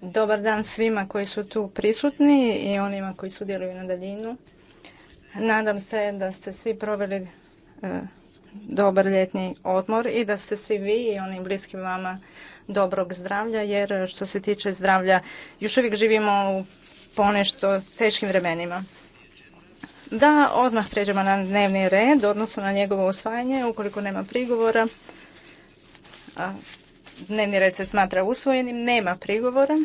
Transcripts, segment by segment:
Dobar dan svima koji su tu prisutni i onima koji sudjeluju na daljinu. Nadam se da ste svi proveli e, dobar ljetni odmor i da ste svi vi i oni bliski vama dobrog zdravlja, jer što se tiče zdravlja, još uvijek živimo u ponešto teškim vremenima. Da, odmah pređemo na dnevni red, odnosno na njegovo osvajanje, ukoliko nema prigovora. Dnevni red se smatra usvojenim, nema prigovora.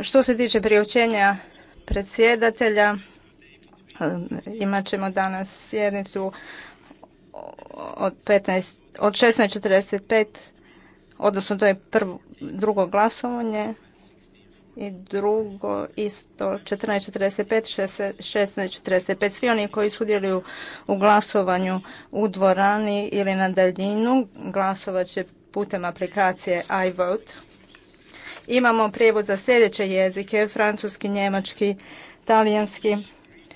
Što se tiče priopćenja predsjedatelja, eh, imat ćemo danas sjednicu od, 15, od 16.45, odnosno to je prvo, drugo glasovanje i drugo isto 14.45, 16.45. Svi oni koji sudjeluju u glasovanju u dvorani ili na daljinu glasovat će putem aplikacije iVote. Imamo prijevod za sljedeće jezike, francuski, njemački, talijanski,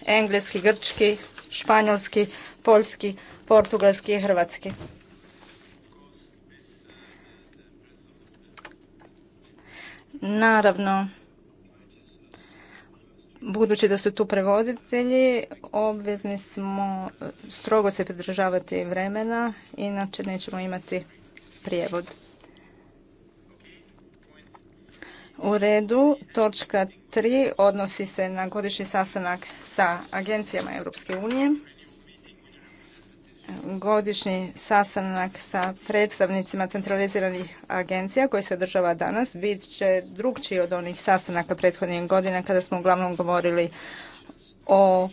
engleski, grčki, španjolski, poljski, portugalski i hrvatski. Naravno, budući da su tu prevoditelji, obvezni smo strogo se pridržavati vremena, inače nećemo imati prijevod. U redu, točka 3 odnosi se na godišnji sastanak sa agencijama Europske unije. Godišnji sastanak sa predstavnicima centraliziranih agencija koji se održava danas bit će drugčiji od onih sastanaka prethodnih godina kada smo uglavnom govorili o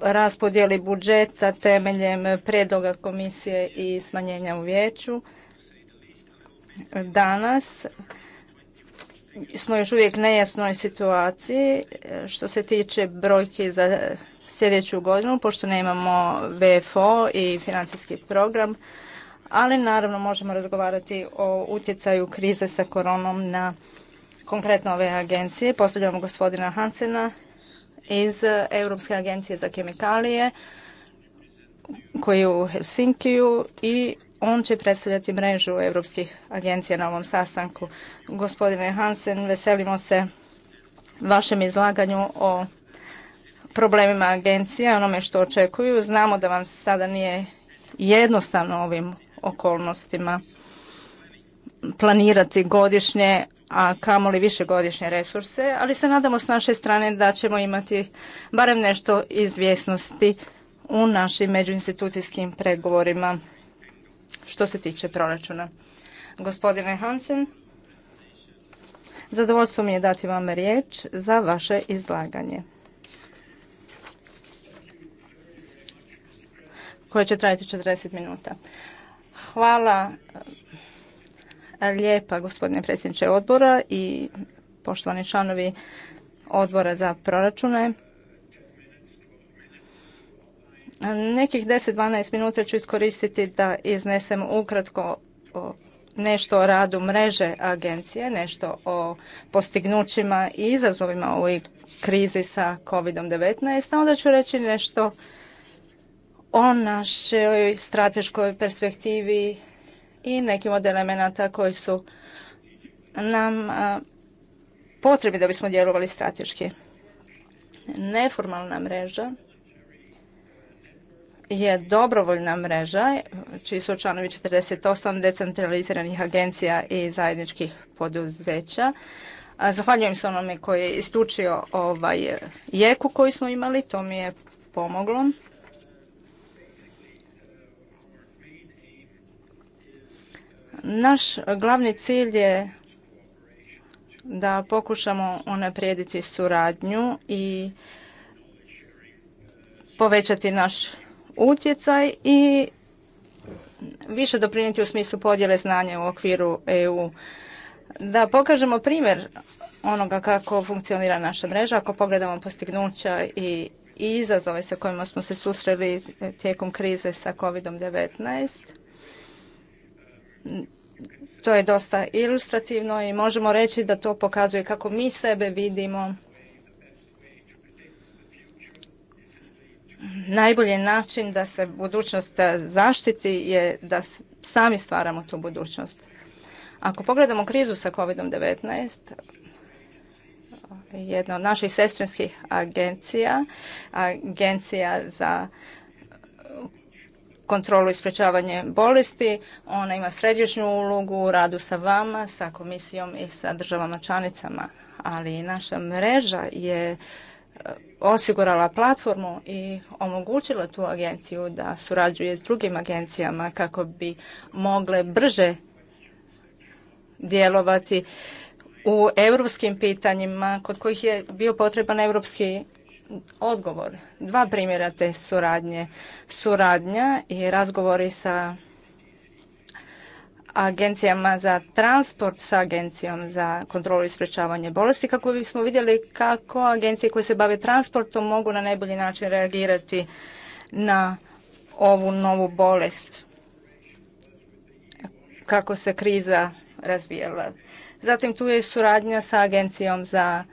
raspodjeli budžeta temeljem predloga komisije i smanjenja u vijeću. Danas smo još uvijek nejasnoj situaciji što se tiče brojki za sljedeću godinu, pošto nemamo VFO i financijski program, ali naravno možemo razgovarati o utjecaju krize sa koronom na konkretno ove agencije. Postavljamo gospodina Hansena iz eh, Europske agencije za kemikalije koji je u Helsinkiju i on će predstavljati mrežu europskih agencija na ovom sastanku. Gospodine Hansen, veselimo se vašem izlaganju o problemima agencije, onome što očekuju. Znamo da vam sada nije jednostavno ovim okolnostima planirati godišnje a kamoli višegodišnje resurse, ali se nadamo s naše strane da ćemo imati barem nešto izvjesnosti u našim međuinstitucijskim pregovorima što se tiče proračuna. Gospodine Hansen, zadovoljstvo mi je dati vam riječ za vaše izlaganje. koje će trajati 40 minuta. Hvala lijepa gospodine predsjedniče odbora i poštovani članovi odbora za proračune. Nekih 10-12 minuta ću iskoristiti da iznesem ukratko nešto o radu mreže agencije, nešto o postignućima i izazovima u ovoj krizi sa COVID-19, a onda ću reći nešto o našoj strateškoj perspektivi i nekim od elemenata koji su nam potrebni da bismo djelovali strateški. Neformalna mreža je dobrovoljna mreža, čiji su članovi 48 decentraliziranih agencija i zajedničkih poduzeća. Zahvaljujem se onome koji je istučio ovaj jeku koju smo imali, to mi je pomoglo. Naš glavni cilj je da pokušamo unaprijediti suradnju i povećati naš utjecaj i više doprinijeti u smislu podjele znanja u okviru EU. Da pokažemo primjer onoga kako funkcionira naša mreža, ako pogledamo postignuća i izazove sa kojima smo se susreli tijekom krize sa COVID-19, to je dosta ilustrativno i možemo reći da to pokazuje kako mi sebe vidimo. Najbolji način da se budućnost zaštiti je da sami stvaramo tu budućnost. Ako pogledamo krizu sa COVID-19, jedna od naših sestrinskih agencija, agencija za kontrolu i sprečavanje bolesti. Ona ima središnju ulogu u radu sa vama, sa komisijom i sa državama članicama. Ali naša mreža je e, osigurala platformu i omogućila tu agenciju da surađuje s drugim agencijama kako bi mogle brže djelovati u europskim pitanjima kod kojih je bio potreban europski odgovor. Dva primjera te suradnje. Suradnja i razgovori sa agencijama za transport sa agencijom za kontrolu i sprečavanje bolesti kako bismo vidjeli kako agencije koje se bave transportom mogu na najbolji način reagirati na ovu novu bolest kako se kriza razvijala. Zatim tu je suradnja sa agencijom za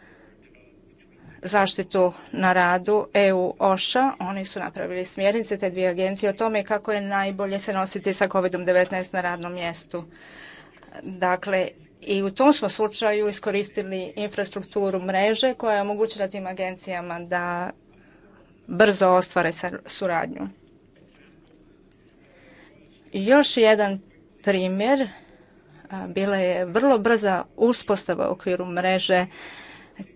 zaštitu na radu EU OŠA. Oni su napravili smjernice te dvije agencije o tome kako je najbolje se nositi sa COVID-19 na radnom mjestu. Dakle, i u tom smo slučaju iskoristili infrastrukturu mreže koja je omogućila tim agencijama da brzo ostvare suradnju. Još jedan primjer bila je vrlo brza uspostava u okviru mreže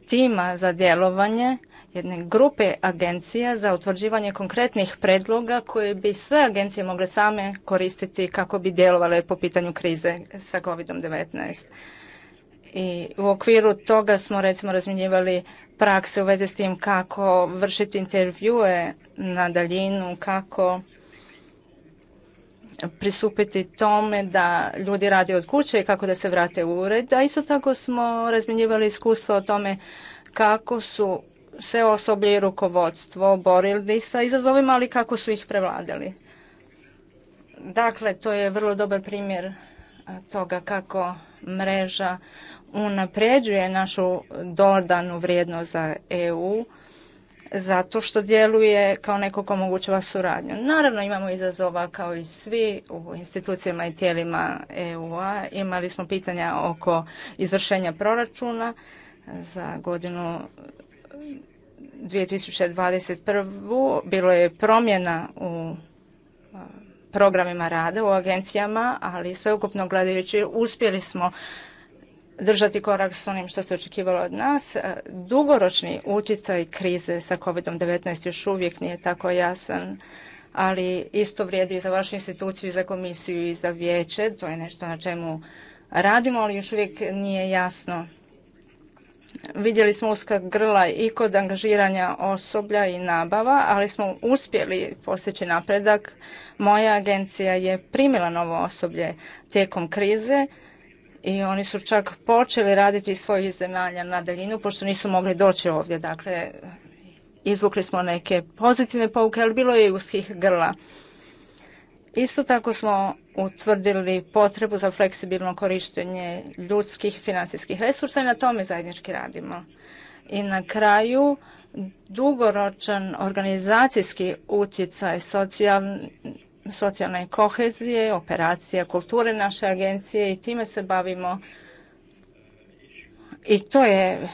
tima za djelovanje jedne grupe agencija za utvrđivanje konkretnih predloga koje bi sve agencije mogle same koristiti kako bi djelovale po pitanju krize sa COVID-19. I u okviru toga smo recimo razmjenjivali prakse u vezi s tim kako vršiti intervjue na daljinu, kako pristupiti tome da ljudi rade od kuće i kako da se vrate u ured. A isto tako smo razmjenjivali iskustva o tome kako su se osoblje i rukovodstvo borili sa izazovima, ali kako su ih prevladali. Dakle, to je vrlo dobar primjer toga kako mreža unapređuje našu dodanu vrijednost za EU zato što djeluje kao neko ko omogućava suradnju. Naravno imamo izazova kao i svi u institucijama i tijelima EU-a. Imali smo pitanja oko izvršenja proračuna za godinu 2021. Bilo je promjena u programima rada u agencijama, ali sveukupno gledajući uspjeli smo držati korak s onim što se očekivalo od nas. E, dugoročni utjecaj krize sa COVID-19 još uvijek nije tako jasan, ali isto vrijedi i za vašu instituciju, i za komisiju, i za vijeće. To je nešto na čemu radimo, ali još uvijek nije jasno. Vidjeli smo uska grla i kod angažiranja osoblja i nabava, ali smo uspjeli postići napredak. Moja agencija je primila novo osoblje tijekom krize, i oni su čak počeli raditi iz svojih zemalja na daljinu pošto nisu mogli doći ovdje. Dakle, izvukli smo neke pozitivne pouke, ali bilo je i uskih grla. Isto tako smo utvrdili potrebu za fleksibilno korištenje ljudskih financijskih resursa i na tome zajednički radimo. I na kraju dugoročan organizacijski utjecaj socijalnih socijalne kohezije, operacija kulture naše agencije i time se bavimo. I to je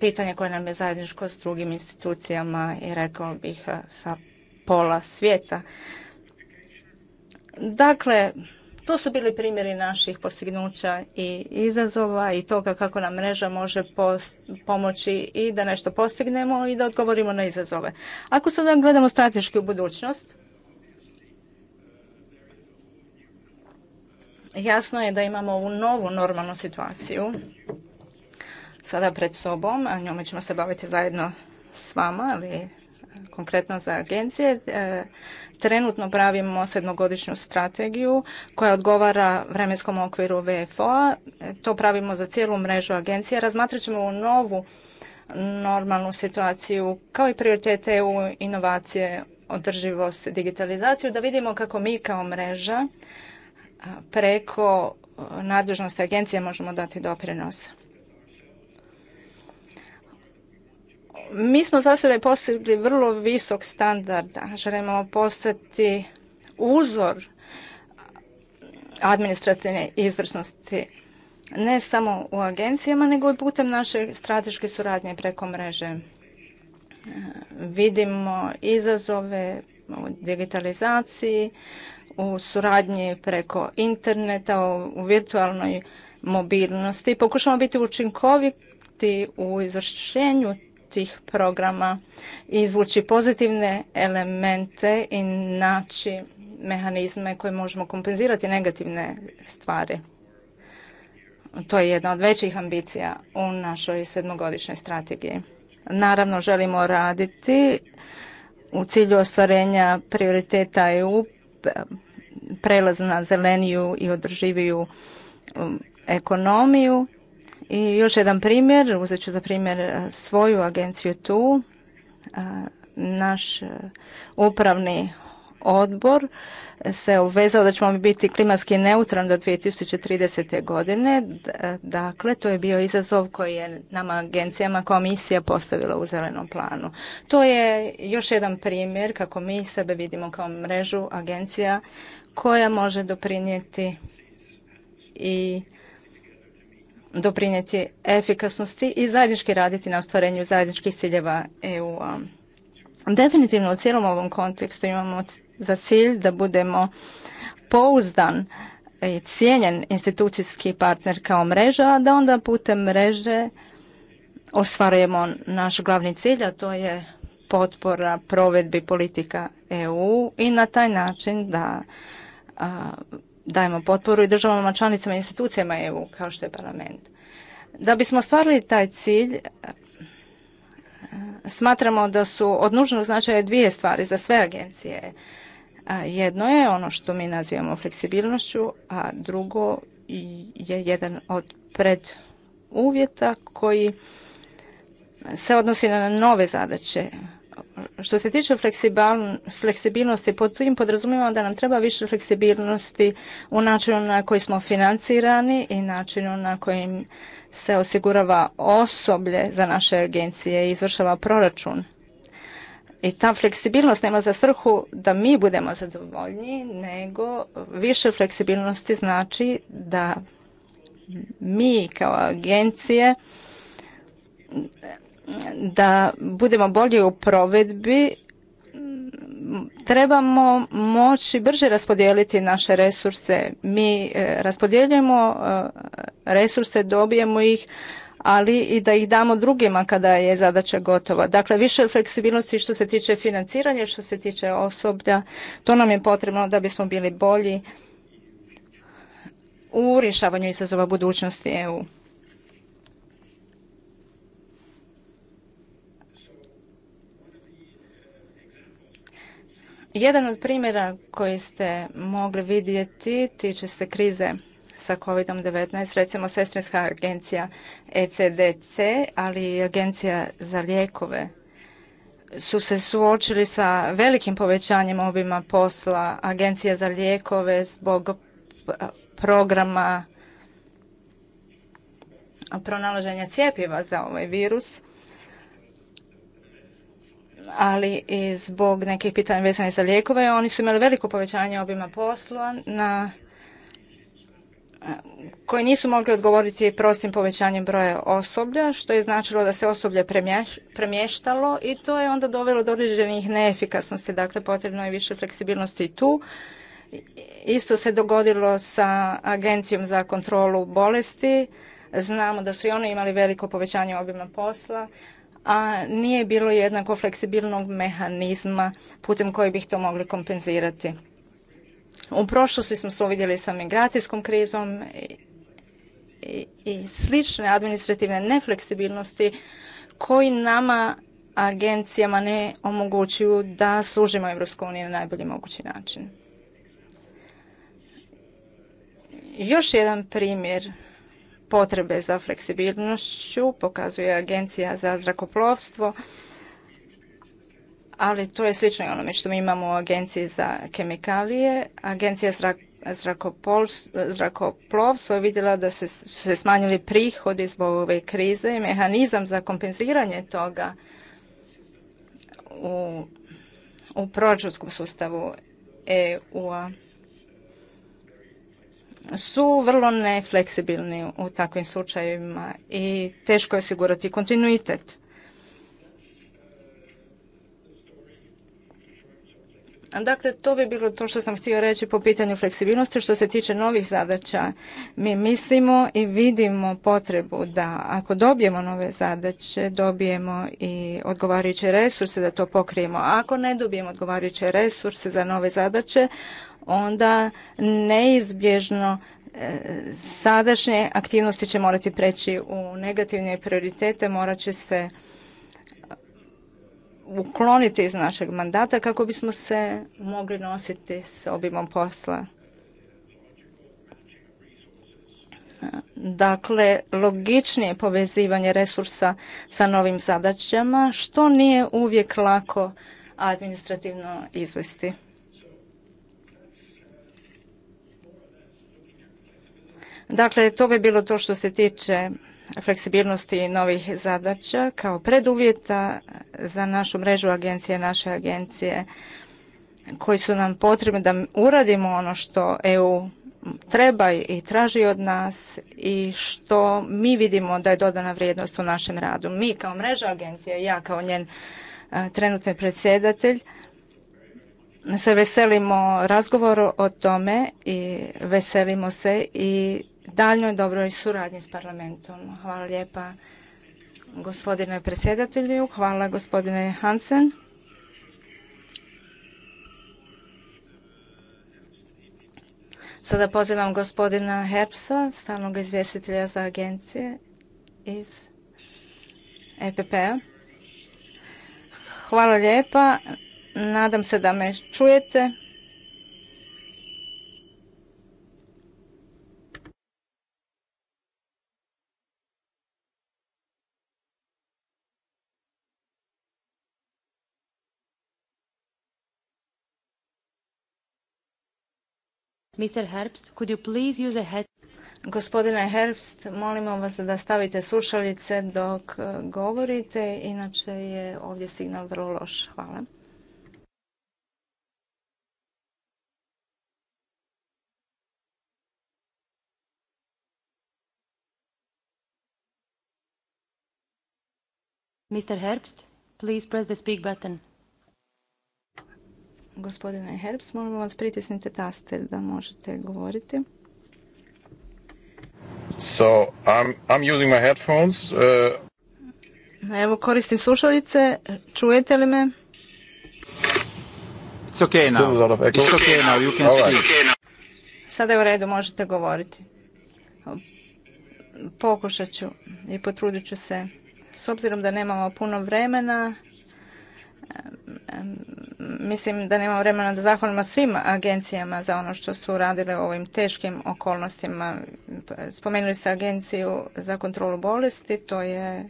pitanje koje nam je zajedničko s drugim institucijama i rekao bih eh, sa pola svijeta. Dakle, to su bili primjeri naših postignuća i izazova i toga kako nam mreža može pomoći i da nešto postignemo i da odgovorimo na izazove. Ako sada gledamo strateški u budućnost, Jasno je da imamo ovu novu normalnu situaciju sada pred sobom, a njome ćemo se baviti zajedno s vama, ali e, konkretno za agencije. E, trenutno pravimo sedmogodišnju strategiju koja odgovara vremenskom okviru VFO-a. E, to pravimo za cijelu mrežu agencije. Razmatrat ćemo novu normalnu situaciju kao i prioritete u inovacije, održivost, digitalizaciju, da vidimo kako mi kao mreža preko eh, nadležnosti agencije možemo dati doprinos. Mi smo za sada postigli vrlo visok standarda. Želimo postati uzor administrativne izvrsnosti ne samo u agencijama, nego i putem naše strateške suradnje preko mreže. Eh, vidimo izazove u digitalizaciji, u suradnji preko interneta, u virtualnoj mobilnosti. Pokušamo biti učinkoviti u izvršenju tih programa, izvući pozitivne elemente i naći mehanizme koje možemo kompenzirati negativne stvari. To je jedna od većih ambicija u našoj sedmogodišnjoj strategiji. Naravno, želimo raditi u cilju ostvarenja prioriteta EU prelaz na zeleniju i održiviju um, ekonomiju. I još jedan primjer, uzet ću za primjer e, svoju agenciju tu. E, naš e, upravni odbor se obvezao da ćemo biti klimatski neutralni do 2030. godine. Dakle, to je bio izazov koji je nama agencijama komisija postavila u zelenom planu. To je još jedan primjer kako mi sebe vidimo kao mrežu agencija koja može doprinijeti i doprinijeti efikasnosti i zajednički raditi na ostvarenju zajedničkih ciljeva EU-a. Definitivno u cijelom ovom kontekstu imamo za cilj da budemo pouzdan i cijenjen institucijski partner kao mreža, a da onda putem mreže ostvarujemo naš glavni cilj, a to je potpora provedbi politika EU i na taj način da dajemo potporu i državama članicama i institucijama EU kao što je parlament. Da bismo ostvarili taj cilj, smatramo da su od nužnog značaja dvije stvari za sve agencije jedno je ono što mi nazivamo fleksibilnošću, a drugo je jedan od preduvjeta koji se odnosi na nove zadaće. Što se tiče fleksibilnosti, pod tim podrazumijemo da nam treba više fleksibilnosti u načinu na koji smo financirani i načinu na kojim se osigurava osoblje za naše agencije i izvršava proračun. I ta fleksibilnost nema za svrhu da mi budemo zadovoljni, nego više fleksibilnosti znači da mi kao agencije da budemo bolji u provedbi trebamo moći brže raspodijeliti naše resurse. Mi eh, raspodjeljujemo eh, resurse, dobijemo ih ali i da ih damo drugima kada je zadaća gotova. Dakle, više fleksibilnosti što se tiče financiranja, što se tiče osoblja, to nam je potrebno da bismo bili bolji u rješavanju izazova budućnosti EU. Jedan od primjera koji ste mogli vidjeti tiče se krize sa COVID-19, recimo Sestrinska agencija ECDC, ali i Agencija za lijekove su se suočili sa velikim povećanjem obima posla Agencija za lijekove zbog programa pronalaženja cijepiva za ovaj virus ali i zbog nekih pitanja vezanih za lijekove. Oni su imali veliko povećanje obima posla na koji nisu mogli odgovoriti prostim povećanjem broja osoblja, što je značilo da se osoblje premještalo i to je onda dovelo do određenih neefikasnosti. Dakle, potrebno je više fleksibilnosti i tu. Isto se dogodilo sa Agencijom za kontrolu bolesti. Znamo da su i oni imali veliko povećanje obima posla, a nije bilo jednako fleksibilnog mehanizma putem koji bih to mogli kompenzirati. U prošlosti smo se uvidjeli sa migracijskom krizom i, slične administrativne nefleksibilnosti koji nama agencijama ne omogućuju da služimo EU na najbolji mogući način. Još jedan primjer potrebe za fleksibilnošću pokazuje Agencija za zrakoplovstvo ali to je slično onome što mi imamo u Agenciji za kemikalije. Agencija za zrakoplovstvo je vidjela da se, se smanjili prihodi zbog ove krize i mehanizam za kompenziranje toga u, u proračunskom sustavu EU-a su vrlo nefleksibilni u takvim slučajevima i teško je osigurati kontinuitet. Dakle, to bi bilo to što sam htio reći po pitanju fleksibilnosti. Što se tiče novih zadaća, mi mislimo i vidimo potrebu da ako dobijemo nove zadaće, dobijemo i odgovarajuće resurse da to pokrijemo. ako ne dobijemo odgovarajuće resurse za nove zadaće, onda neizbježno e, sadašnje aktivnosti će morati preći u negativne prioritete, morat će se ukloniti iz našeg mandata kako bismo se mogli nositi s obimom posla. Dakle, logičnije povezivanje resursa sa novim zadaćama, što nije uvijek lako administrativno izvesti. Dakle, to bi bilo to što se tiče fleksibilnosti novih zadaća kao preduvjeta za našu mrežu agencije, naše agencije koji su nam potrebni da uradimo ono što EU treba i traži od nas i što mi vidimo da je dodana vrijednost u našem radu. Mi kao mreža agencije, ja kao njen trenutni predsjedatelj, se veselimo razgovoru o tome i veselimo se i daljnoj dobroj suradnji s parlamentom. Hvala lijepa gospodine predsjedatelju, hvala gospodine Hansen. Sada pozivam gospodina Herbsa, stalnog izvjestitelja za agencije iz EPP-a. Hvala lijepa. Nadam se da me čujete. Mr. Herbst, could you please Gospodine Herbst, molimo vas da stavite slušalice dok e, govorite, inače je ovdje signal vrlo loš. Hvala. Mr. Herbst, please press the speak button. Gospodine Herbs, molim vas pritisnite taster da možete govoriti. So, I'm, I'm using my headphones. Uh, Evo, koristim slušalice. Čujete li me? It's okay now. Sada je u redu, možete govoriti. Pokušat ću i potrudit ću se. S obzirom da nemamo puno vremena, mislim da nema vremena da zahvalimo svim agencijama za ono što su radile u ovim teškim okolnostima. Spomenuli ste agenciju za kontrolu bolesti, to je e,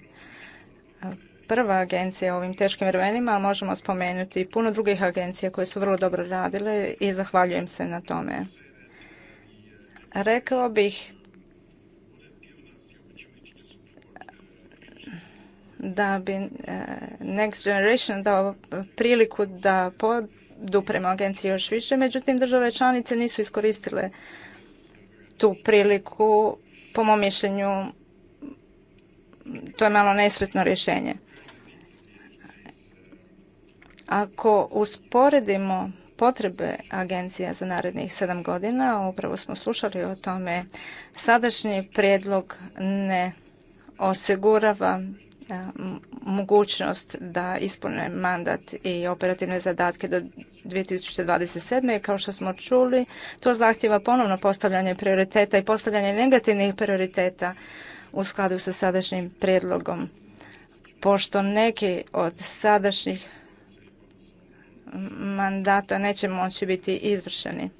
prva agencija u ovim teškim vremenima, ali možemo spomenuti i puno drugih agencija koje su vrlo dobro radile i zahvaljujem se na tome. Rekao bih da bi e, Next Generation dao priliku da podupremo agenciji još više, međutim države članice nisu iskoristile tu priliku, po mom mišljenju to je malo nesretno rješenje. Ako usporedimo potrebe agencija za narednih sedam godina, upravo smo slušali o tome, sadašnji prijedlog ne osigurava E, mogućnost da ispune mandat i operativne zadatke do 2027. Kao što smo čuli, to zahtjeva ponovno postavljanje prioriteta i postavljanje negativnih prioriteta u skladu sa sadašnjim prijedlogom, pošto neki od sadašnjih mandata neće moći biti izvršeni.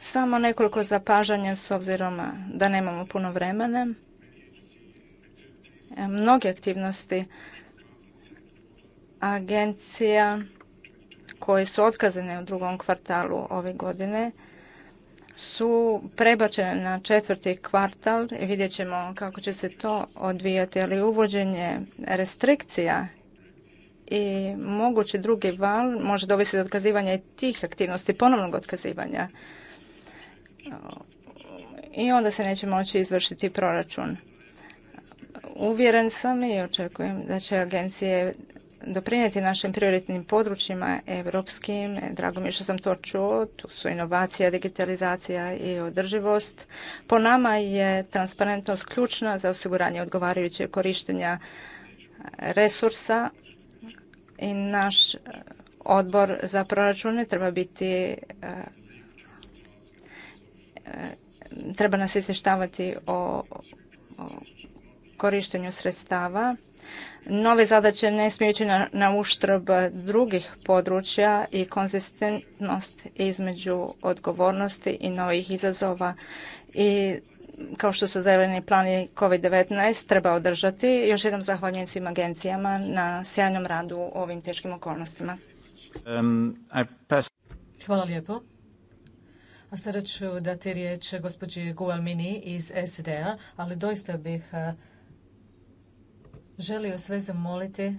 Samo nekoliko zapažanja s obzirom da nemamo puno vremena. E, mnoge aktivnosti agencija koje su otkazane u drugom kvartalu ove godine su prebačene na četvrti kvartal i vidjet ćemo kako će se to odvijati, ali uvođenje restrikcija i mogući drugi val može dovesti do otkazivanja i tih aktivnosti, ponovnog otkazivanja. I onda se neće moći izvršiti proračun. Uvjeren sam i očekujem da će agencije doprinijeti našim prioritnim područjima europskim. Drago mi je što sam to čuo. Tu su inovacija, digitalizacija i održivost. Po nama je transparentnost ključna za osiguranje odgovarajućeg korištenja resursa i naš e, odbor za proračune treba biti e, e, treba nas izvještavati o korištenju sredstava. Nove zadaće ne smiju ići na, uštrb drugih područja i konzistentnost između odgovornosti i novih izazova i kao što su zeleni plani i COVID-19 treba održati. Još jednom zahvaljujem svim agencijama na sjajnom radu u ovim teškim okolnostima. Um, Hvala lijepo. A sada ću dati riječ gospođi Gualmini iz SDA, ali doista bih želio sve zamoliti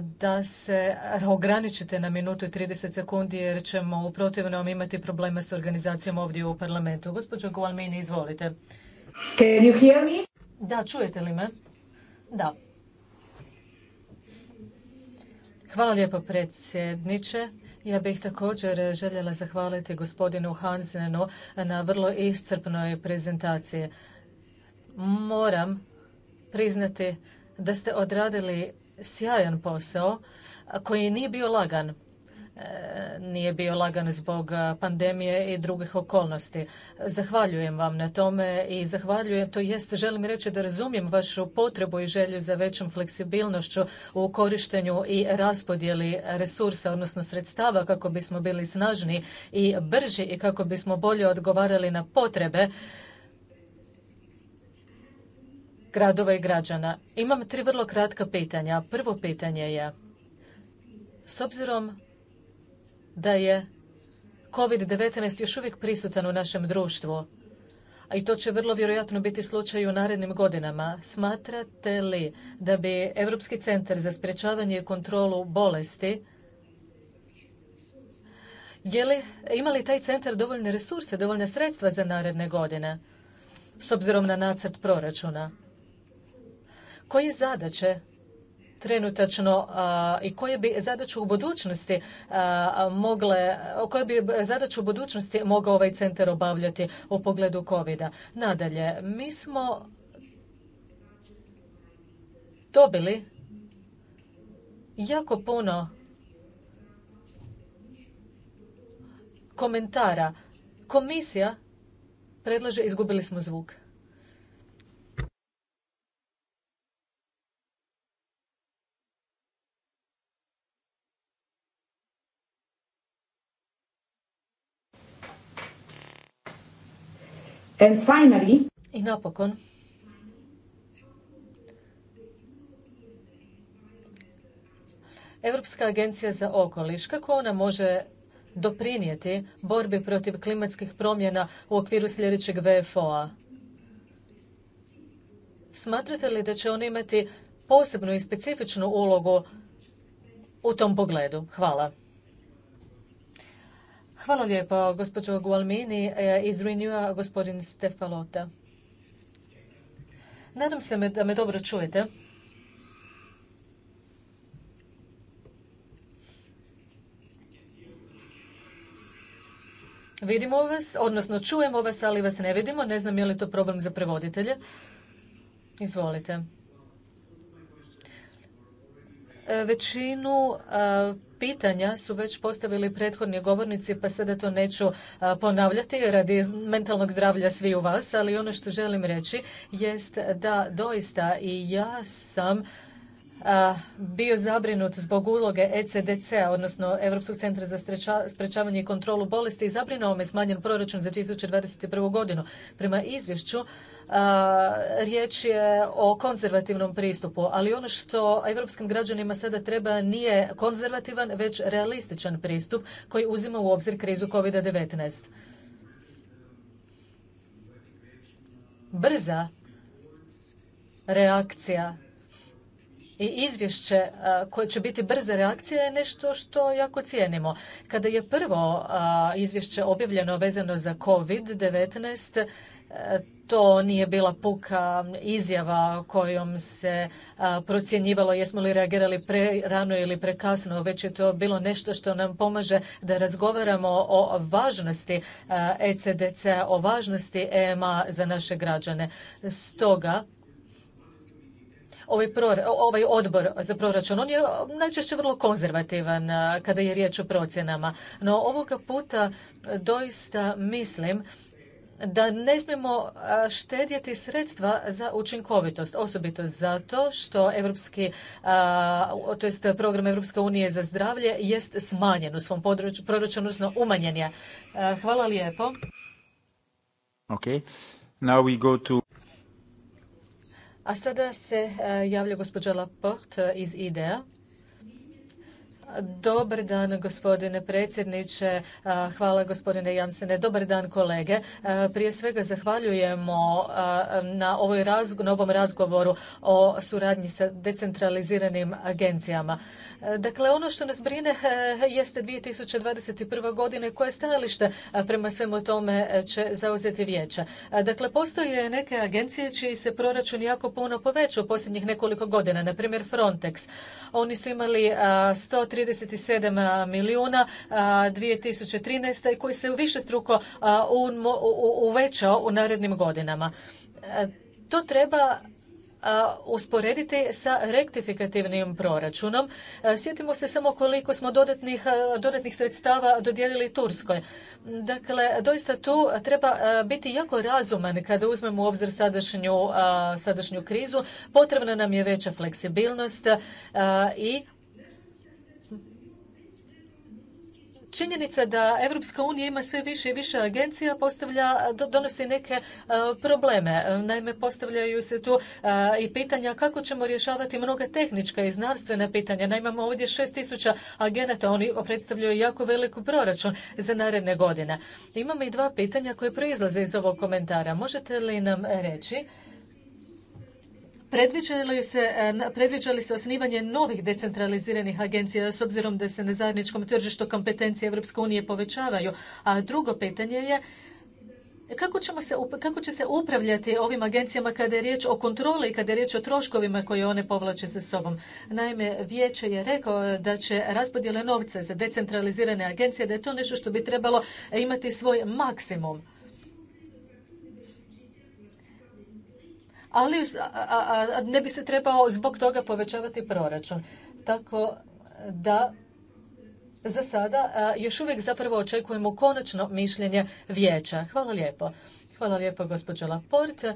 da se ograničite na minutu i 30 sekundi jer ćemo u protivnom imati probleme s organizacijom ovdje u parlamentu. Gospođo Gualmini, izvolite. Can you hear me? Da, čujete li me? Da. Hvala lijepo predsjedniče. Ja bih također željela zahvaliti gospodinu Hansenu na vrlo iscrpnoj prezentaciji. Moram priznati da ste odradili sjajan posao koji nije bio lagan. E, nije bio lagan zbog e, pandemije i drugih okolnosti. Zahvaljujem vam na tome i zahvaljujem, to jest želim reći da razumijem vašu potrebu i želju za većom fleksibilnošću u korištenju i raspodjeli resursa, odnosno sredstava kako bismo bili snažni i brži i kako bismo bolje odgovarali na potrebe gradova i građana. Imam tri vrlo kratka pitanja. Prvo pitanje je, s obzirom da je COVID-19 još uvijek prisutan u našem društvu, a i to će vrlo vjerojatno biti slučaj u narednim godinama, smatrate li da bi Europski centar za sprječavanje i kontrolu bolesti je ima li taj centar dovoljne resurse, dovoljne sredstva za naredne godine, s obzirom na nacrt proračuna? Koje zadaće trenutačno i koje bi zadaću u budućnosti mogle, koje bi zadaću u budućnosti mogao ovaj centar obavljati u pogledu COVID-a? Nadalje, mi smo dobili jako puno komentara. Komisija predlaže izgubili smo zvuk. And finally, I napokon, Europska agencija za okoliš, kako ona može doprinijeti borbi protiv klimatskih promjena u okviru sljedećeg VFO-a? Smatrate li da će on imati posebnu i specifičnu ulogu u tom pogledu? Hvala. Hvala lijepo, gospođo Gualmini. E, iz Renewa, gospodin Stefalota. Nadam se da me dobro čujete. Vidimo vas, odnosno čujemo vas, ali vas ne vidimo. Ne znam je li to problem za prevoditelje. Izvolite. E, većinu pitanja su već postavili prethodni govornici, pa sada to neću ponavljati radi mentalnog zdravlja svi u vas, ali ono što želim reći jest da doista i ja sam bio zabrinut zbog uloge ecdc odnosno Europskog centra za sprečavanje i kontrolu bolesti i zabrinuo me smanjen proračun za 2021. godinu. Prema izvješću Riječ je o konzervativnom pristupu, ali ono što europskim građanima sada treba nije konzervativan, već realističan pristup koji uzima u obzir krizu COVID-19. Brza reakcija i izvješće koje će biti brza reakcija je nešto što jako cijenimo. Kada je prvo izvješće objavljeno vezano za COVID-19, to nije bila puka izjava kojom se procjenjivalo jesmo li reagirali pre rano ili prekasno, već je to bilo nešto što nam pomaže da razgovaramo o važnosti ECDC, o važnosti EMA za naše građane. Stoga, Ovaj, ovaj odbor za proračun, on je najčešće vrlo konzervativan kada je riječ o procjenama. No ovoga puta doista mislim da ne smijemo štedjeti sredstva za učinkovitost, osobito zato što evropski, to jest program Evropske unije za zdravlje jest smanjen u svom području, proračunu, odnosno umanjen je. Hvala lijepo. Ok, Now we go to... A sada se javlja gospođa Laporte iz IDEA. Dobar dan, gospodine predsjedniče. Hvala, gospodine Jansene. Dobar dan, kolege. Prije svega zahvaljujemo na, ovoj razgo, na ovom razgovoru o suradnji sa decentraliziranim agencijama. Dakle, ono što nas brine e, jeste 2021. godine koje stajalište prema svemu tome e, će zauzeti vijeće. Dakle, postoje neke agencije čiji se proračun jako puno povećao posljednjih nekoliko godina, na primjer Frontex. Oni su imali 130 37 milijuna 2013. koji se više struko uvećao u narednim godinama. E, to treba usporediti sa rektifikativnim proračunom. E, sjetimo se samo koliko smo dodatnih, sredstava dodijelili Turskoj. Dakle, doista tu treba biti jako razuman kada uzmemo u obzir sadašnju, sadašnju krizu. Potrebna nam je veća fleksibilnost i činjenica da Europska unija ima sve više i više agencija postavlja, donosi neke e, probleme. Naime, postavljaju se tu e, i pitanja kako ćemo rješavati mnoga tehnička i znanstvena pitanja. Imamo ovdje šest tisuća agenata, oni predstavljaju jako veliku proračun za naredne godine. Imamo i dva pitanja koje proizlaze iz ovog komentara. Možete li nam reći Predviđa li e, se osnivanje novih decentraliziranih agencija s obzirom da se na zajedničkom tržištu kompetencije Europske unije povećavaju? A drugo pitanje je kako, ćemo se, će se upravljati ovim agencijama kada je riječ o kontroli i kada je riječ o troškovima koje one povlače sa sobom? Naime, vijeće je rekao da će raspodjele novca za decentralizirane agencije, da je to nešto što bi trebalo imati svoj maksimum. ali ne bi se trebao zbog toga povećavati proračun. Tako da za sada još uvijek zapravo očekujemo konačno mišljenje vijeća. Hvala lijepo. Hvala lijepo, gospođo Laporte.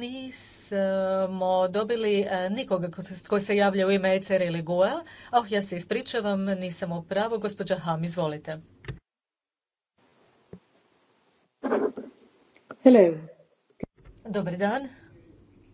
Nismo dobili nikoga tko se javlja u ime ECR ili GUA. Oh, ja se ispričavam, nisam u pravu. Gospođa Ham, izvolite. Hello. Dobar dan.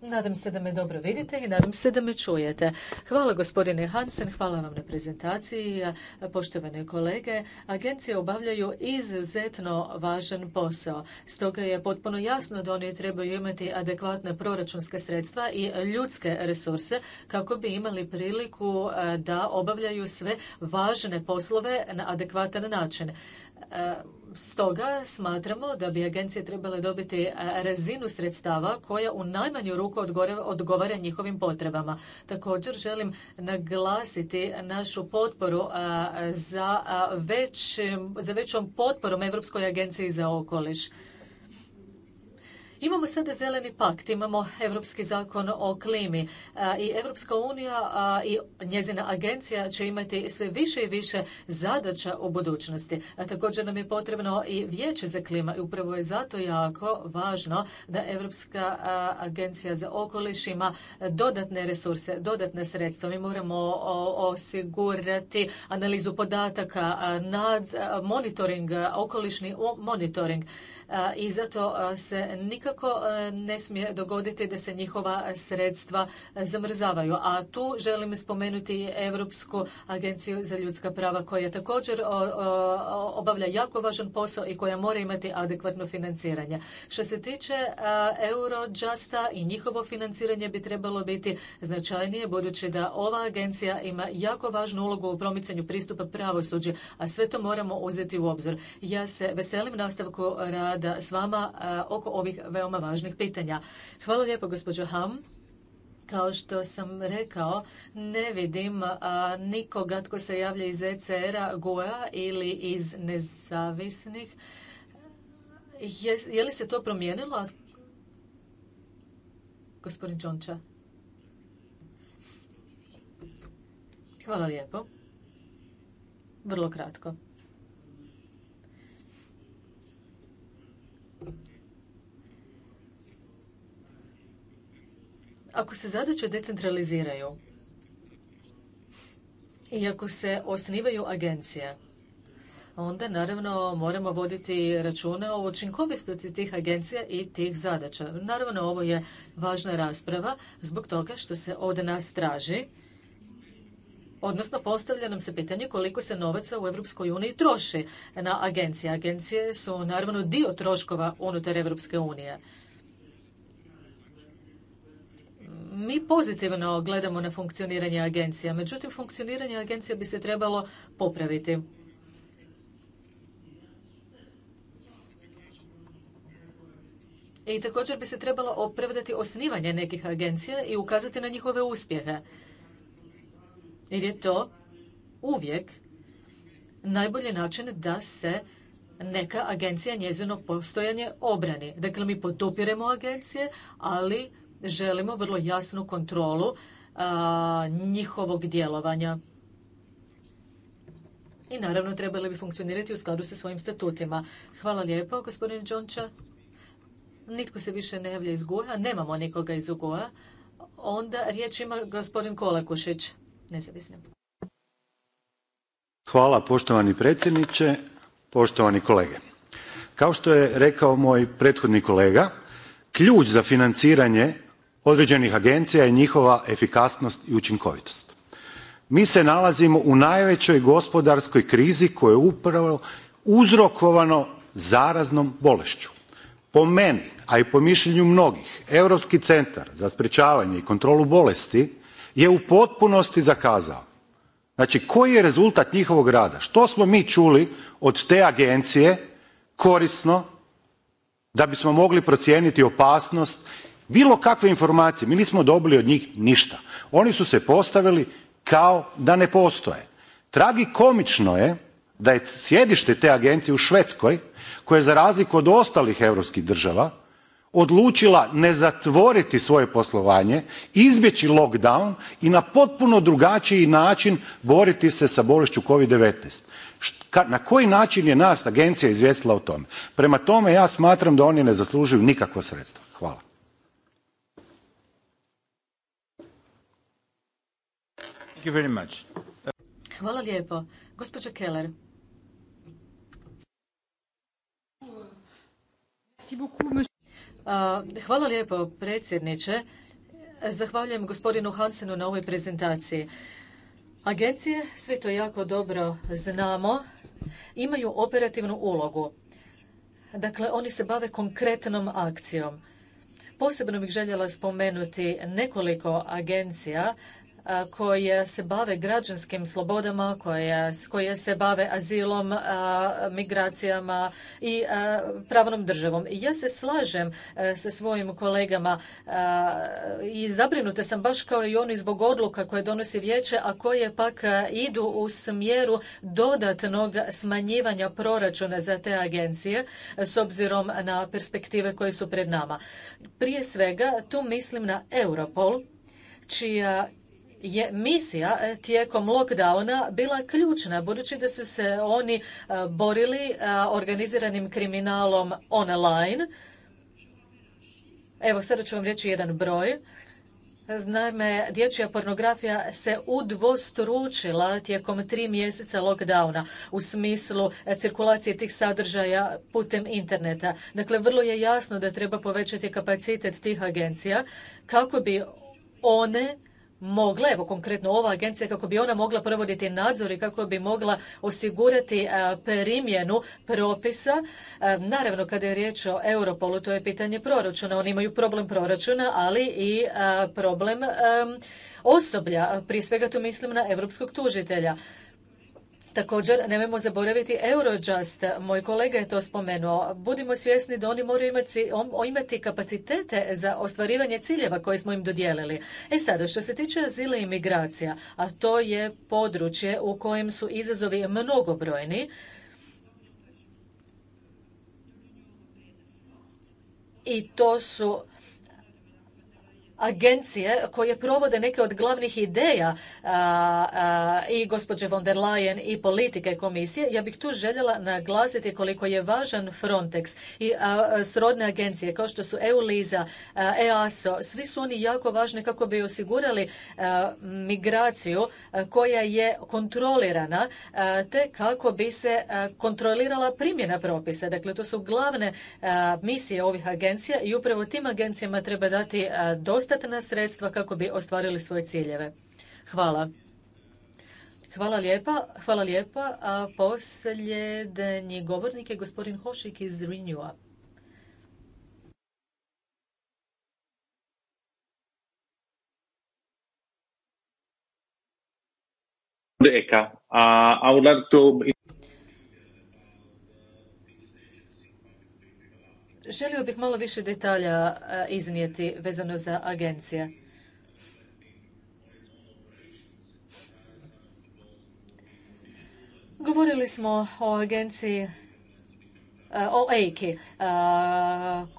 Nadam se da me dobro vidite i nadam se da me čujete. Hvala gospodine Hansen, hvala vam na prezentaciji. Poštovane kolege, agencije obavljaju izuzetno važan posao. Stoga je potpuno jasno da oni trebaju imati adekvatne proračunske sredstva i ljudske resurse kako bi imali priliku eh, da obavljaju sve važne poslove na adekvatan način. Stoga smatramo da bi agencije trebale dobiti e, razinu sredstava koja u najmanju ruku odgovara njihovim potrebama. Također želim naglasiti našu potporu e, za, većom potporom Europskoj agenciji za okoliš. Imamo sada zeleni pakt, imamo Europski zakon o klimi i Europska unija i njezina agencija će imati sve više i više zadaća u budućnosti. također nam je potrebno i vijeće za klima i upravo je zato jako važno da Europska agencija za okoliš ima dodatne resurse, dodatne sredstva. Mi moramo osigurati analizu podataka, nad monitoring, okolišni monitoring i zato se nikako ne smije dogoditi da se njihova sredstva zamrzavaju. A tu želim spomenuti Europsku agenciju za ljudska prava koja također obavlja jako važan posao i koja mora imati adekvatno financiranje. Što se tiče Eurojusta i njihovo financiranje bi trebalo biti značajnije budući da ova agencija ima jako važnu ulogu u promicanju pristupa pravosuđu, a sve to moramo uzeti u obzir. Ja se veselim nastavku rada rad s vama e, oko ovih veoma važnih pitanja. Hvala lijepo, gospođo Ham. Kao što sam rekao, ne vidim e, nikoga tko se javlja iz ECR-a, GUA ili iz nezavisnih. Je, li se to promijenilo? Gospodin Čonča. Hvala lijepo. Vrlo kratko. Ako se zadaće decentraliziraju i ako se osnivaju agencije, onda naravno moramo voditi računa o učinkovitosti tih agencija i tih zadaća. Naravno, ovo je važna rasprava zbog toga što se od nas traži, odnosno postavlja nam se pitanje koliko se novaca u Europskoj uniji troši na agencije. Agencije su naravno dio troškova unutar Evropske unije. pozitivno gledamo na funkcioniranje agencija, međutim funkcioniranje agencija bi se trebalo popraviti. I također bi se trebalo opravdati osnivanje nekih agencija i ukazati na njihove uspjehe. Jer je to uvijek najbolji način da se neka agencija njezino postojanje obrani. Dakle, mi potopiremo agencije, ali želimo vrlo jasnu kontrolu njihovog djelovanja. I naravno trebali bi funkcionirati u skladu sa svojim statutima. Hvala lijepo, gospodin Đonča. Nitko se više ne javlja iz Guja, nemamo nikoga iz Guja. Onda riječ ima gospodin Kolakušić, nezavisno. Hvala poštovani predsjedniče, poštovani kolege. Kao što je rekao moj prethodni kolega, ključ za financiranje određenih agencija i njihova efikasnost i učinkovitost. Mi se nalazimo u najvećoj gospodarskoj krizi koja je upravo uzrokovano zaraznom bolešću. Po meni, a i po mišljenju mnogih, Europski centar za sprječavanje i kontrolu bolesti je u potpunosti zakazao. Znači, koji je rezultat njihovog rada? Što smo mi čuli od te agencije korisno da bismo mogli procijeniti opasnost bilo kakve informacije mi nismo dobili od njih ništa. Oni su se postavili kao da ne postoje. Tragikomično je da je sjedište te agencije u Švedskoj koja je za razliku od ostalih europskih država odlučila ne zatvoriti svoje poslovanje, izbjeći lockdown i na potpuno drugačiji način boriti se sa bolešću COVID-19. Na koji način je nas agencija izvijestila o tome? Prema tome, ja smatram da oni ne zaslužuju nikakva sredstva. Hvala. Thank you very much. Hvala lijepo. Gospođa Keller. Hvala lijepo, predsjedniče. Zahvaljujem gospodinu Hansenu na ovoj prezentaciji. Agencije, svi to jako dobro znamo, imaju operativnu ulogu. Dakle, oni se bave konkretnom akcijom. Posebno bih željela spomenuti nekoliko agencija koje se bave građanskim slobodama, koje, se bave azilom, migracijama i pravnom državom. ja se slažem sa svojim kolegama i zabrinuta sam baš kao i oni zbog odluka koje donosi vijeće, a koje pak idu u smjeru dodatnog smanjivanja proračuna za te agencije s obzirom na perspektive koje su pred nama. Prije svega tu mislim na Europol, čija je misija e, tijekom lockdowna bila ključna budući da su se oni e, borili e, organiziranim kriminalom online. Evo sada ću vam reći jedan broj. Naime, dječja pornografija se udvostručila tijekom tri mjeseca lockdowna u smislu cirkulacije tih sadržaja putem interneta. Dakle, vrlo je jasno da treba povećati kapacitet tih agencija kako bi one mogle, evo konkretno ova agencija, kako bi ona mogla provoditi nadzor i kako bi mogla osigurati e, primjenu propisa. E, naravno, kada je riječ o Europolu, to je pitanje proračuna. Oni imaju problem proračuna, ali i e, problem osoblja. Prije svega tu mislim na europskog tužitelja. Također, nemojmo zaboraviti Eurojust. Moj kolega je to spomenuo. Budimo svjesni da oni moraju imati, kapacitete za ostvarivanje ciljeva koje smo im dodijelili. E sada, što se tiče azila i migracija, a to je područje u kojem su izazovi mnogobrojni, i to su agencije koje provode neke od glavnih ideja i gospođe von der Leyen i politike komisije, ja bih tu željela naglasiti koliko je važan Frontex i srodne agencije kao što su Euliza, EASO, svi su oni jako važni kako bi osigurali migraciju koja je kontrolirana te kako bi se kontrolirala primjena propisa. Dakle, to su glavne misije ovih agencija i upravo tim agencijama treba dati dosta dostatna sredstva kako bi ostvarili svoje ciljeve. Hvala. Hvala lijepa. Hvala lijepa. A posljednji govornik je gospodin Hošik iz Renewa. Deka. Uh, I would like to Želio bih malo više detalja e, iznijeti vezano za agencije. Govorili smo o agenciji, e, o EIKI, e,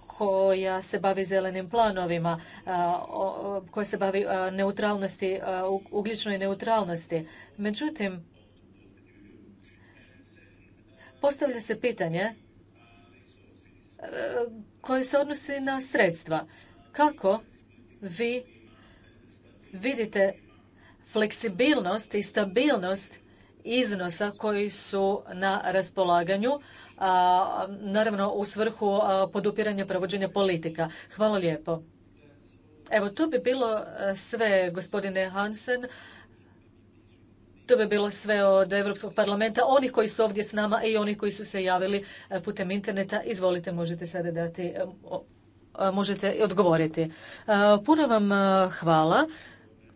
koja se bavi zelenim planovima, koja se bavi neutralnosti, ugljičnoj neutralnosti. Međutim, postavlja se pitanje koje se odnosi na sredstva. Kako vi vidite fleksibilnost i stabilnost iznosa koji su na raspolaganju, a, naravno u svrhu podupiranja provođenja politika. Hvala lijepo. Evo, to bi bilo sve, gospodine Hansen. To bi bilo sve od Europskog parlamenta, onih koji su ovdje s nama i onih koji su se javili eh, putem interneta. Izvolite, možete sada dati, eh, eh, možete odgovoriti. Puno vam hvala.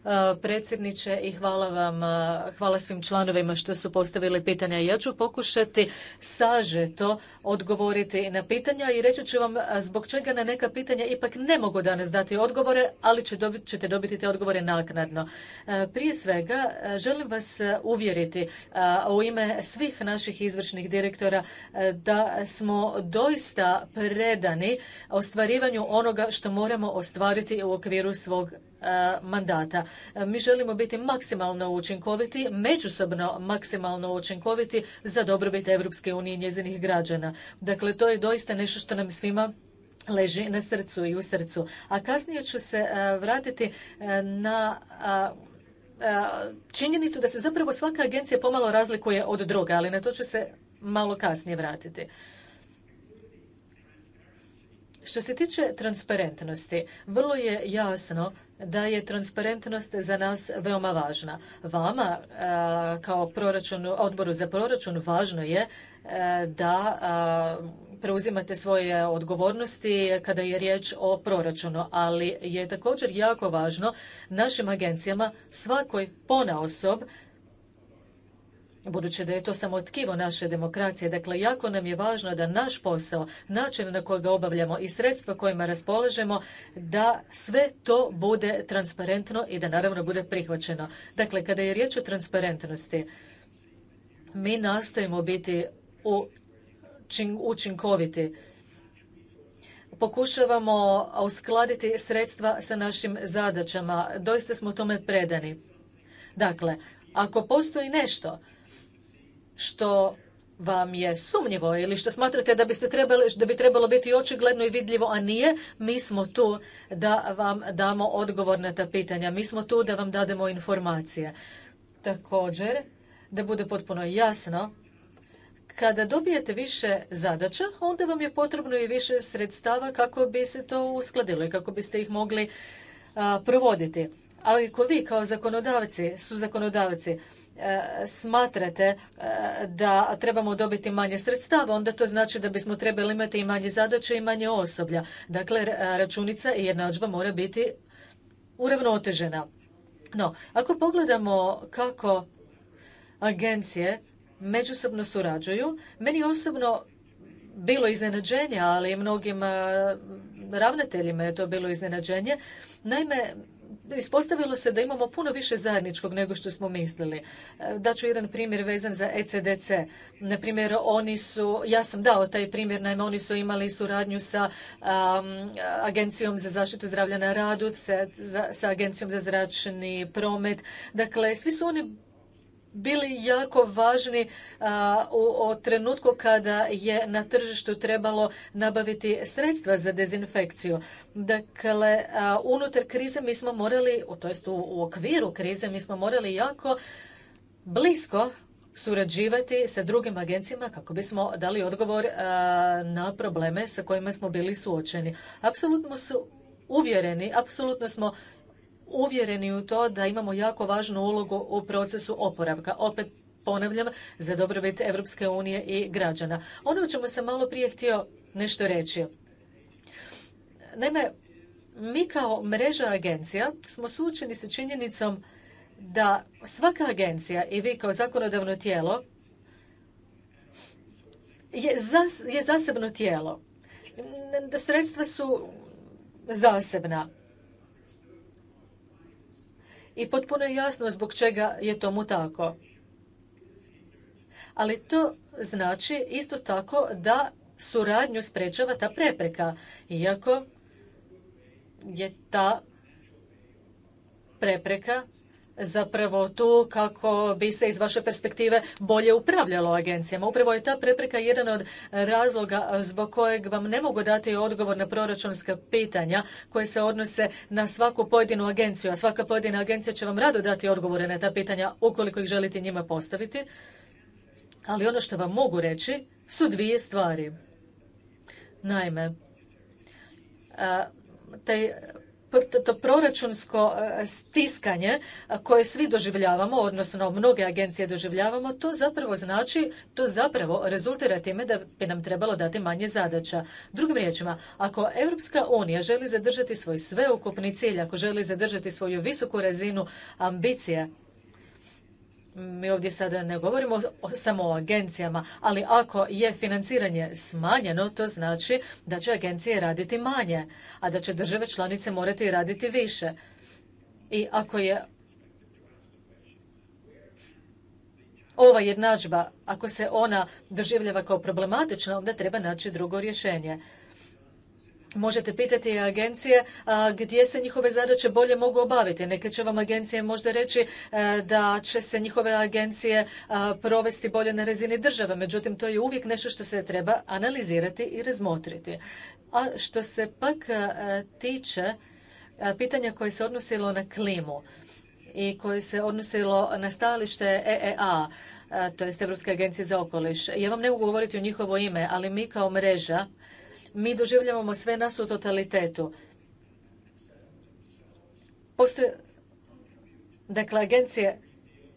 E, predsjedniče i hvala vam, e, hvala svim članovima što su postavili pitanja. Ja ću pokušati sažeto odgovoriti na pitanja i reći ću vam e, zbog čega na neka pitanja ipak ne mogu danas dati odgovore, ali ćete dobiti te odgovore naknadno. Prije svega želim vas uvjeriti u ime svih naših izvršnih direktora da smo doista predani ostvarivanju onoga što moramo ostvariti u okviru svog E, mandata. E, mi želimo biti maksimalno učinkoviti, međusobno maksimalno učinkoviti za dobrobit Evropske unije i njezinih građana. Dakle, to je doista nešto što nam svima leži na srcu i u srcu. A kasnije ću se e, vratiti na činjenicu da se zapravo svaka agencija pomalo razlikuje od druga, ali na to ću se malo kasnije vratiti. Što se tiče transparentnosti, vrlo je jasno da je transparentnost za nas veoma važna. Vama e, kao odboru za proračun važno je e, da e, preuzimate svoje odgovornosti kada je riječ o proračunu, ali je također jako važno našim agencijama svakoj ponaosob budući da je to samo tkivo naše demokracije. Dakle, jako nam je važno da naš posao, način na koji ga obavljamo i sredstva kojima raspolažemo, da sve to bude transparentno i da naravno bude prihvaćeno. Dakle, kada je riječ o transparentnosti, mi nastojimo biti učinkoviti. Pokušavamo uskladiti sredstva sa našim zadaćama. Doista smo tome predani. Dakle, ako postoji nešto što vam je sumnjivo ili što smatrate da, biste trebali, da bi trebalo biti očigledno i vidljivo, a nije, mi smo tu da vam damo odgovor na ta pitanja. Mi smo tu da vam dademo informacije. Također, da bude potpuno jasno, kada dobijete više zadaća, onda vam je potrebno i više sredstava kako bi se to uskladilo i kako biste ih mogli provoditi. Ali ako vi kao zakonodavci, su zakonodavci, smatrate e, da trebamo dobiti manje sredstava, onda to znači da bismo trebali imati i manje zadaće i manje osoblja. Dakle, računica i jednadžba mora biti uravnotežena. No, ako pogledamo kako agencije međusobno surađuju, meni osobno bilo iznenađenje, ali i mnogim e, ravnateljima je to bilo iznenađenje. Naime, ispostavilo se da imamo puno više zajedničkog nego što smo mislili. E, Daću jedan primjer vezan za ECDC. Naprimjer, oni su, ja sam dao taj primjer, naime oni su imali suradnju sa Agencijom za zaštitu zdravlja na radu, sa Agencijom za zračni promet. Dakle, svi su oni bili jako važni u trenutku kada je na tržištu trebalo nabaviti sredstva za dezinfekciju. Dakle, unutar krize mi smo morali, jest u okviru krize mi smo morali jako blisko surađivati sa drugim agencijama kako bismo dali odgovor na probleme sa kojima smo bili suočeni. Apsolutno su uvjereni, apsolutno smo uvjereni u to da imamo jako važnu ulogu u procesu oporavka. Opet ponavljam, za dobrobit Europske unije i građana. Ono o čemu sam malo prije htio nešto reći. Naime, mi kao mreža agencija smo suočeni sa činjenicom da svaka agencija i vi kao zakonodavno tijelo je, je zasebno tijelo. Da sredstva su zasebna i potpuno je jasno zbog čega je tomu tako. Ali to znači isto tako da suradnju sprečava ta prepreka, iako je ta prepreka zapravo tu kako bi se iz vaše perspektive bolje upravljalo agencijama. Upravo je ta prepreka jedan od razloga zbog kojeg vam ne mogu dati odgovor na proračunska pitanja koje se odnose na svaku pojedinu agenciju, a svaka pojedina agencija će vam rado dati odgovore na ta pitanja ukoliko ih želite njima postaviti. Ali ono što vam mogu reći su dvije stvari. Naime, taj to proračunsko e, stiskanje koje svi doživljavamo, odnosno mnoge agencije doživljavamo, to zapravo znači, to zapravo rezultira time da bi nam trebalo dati manje zadaća. Drugim riječima, ako Europska unija želi zadržati svoj sveukupni cilj, ako želi zadržati svoju visoku razinu ambicije, mi ovdje sada ne govorimo samo o agencijama, ali ako je financiranje smanjeno, to znači da će agencije raditi manje, a da će države članice morati raditi više. I ako je ova jednadžba, ako se ona doživljava kao problematična, onda treba naći drugo rješenje. Možete pitati agencije gdje se njihove zadaće bolje mogu obaviti. Neke će vam agencije možda reći e, da će se njihove agencije provesti bolje na razini države. Međutim, to je uvijek nešto što se treba analizirati i razmotriti. A što se pak e, tiče e, pitanja koje se odnosilo na klimu i koje se odnosilo na stajalište EEA, to jest Europske agencije za okoliš. Ja vam ne mogu govoriti u njihovo ime, ali mi kao mreža mi doživljavamo sve nas u totalitetu. Postoje, dakle, agencije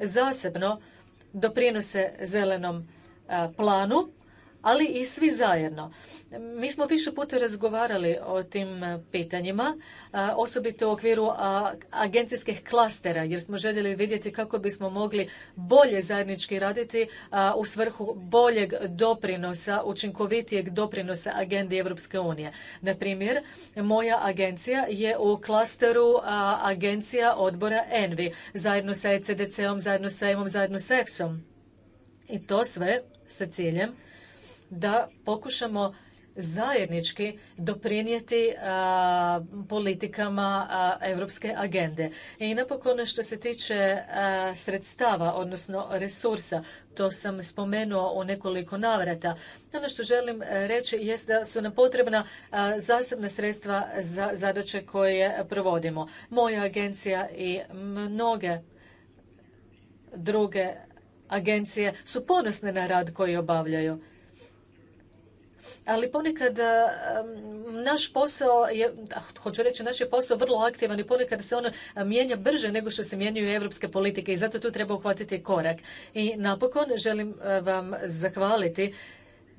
zasebno doprinose zelenom planu ali i svi zajedno. Mi smo više puta razgovarali o tim e, pitanjima, e, osobito u okviru agencijskih klastera, jer smo željeli vidjeti kako bismo mogli bolje zajednički raditi e, u svrhu boljeg doprinosa, učinkovitijeg doprinosa agendi Europske unije. Na primjer, moja agencija je u klasteru agencija odbora ENVI, zajedno sa ECDC-om, zajedno sa EMom, zajedno sa EFSom. I to sve sa ciljem da pokušamo zajednički doprinijeti politikama evropske europske agende. I napokon što se tiče sredstava, odnosno resursa, to sam spomenuo u nekoliko navrata. Ono što želim e, reći jest da su nam potrebna zasebna sredstva za zadaće koje provodimo. Moja agencija i mnoge druge agencije su ponosne na rad koji obavljaju ali ponekad eh, naš posao je, hoću reći, naš je posao vrlo aktivan i ponekad se on eh, mijenja brže nego što se mijenjaju europske politike i zato tu treba uhvatiti korak. I napokon želim eh, vam zahvaliti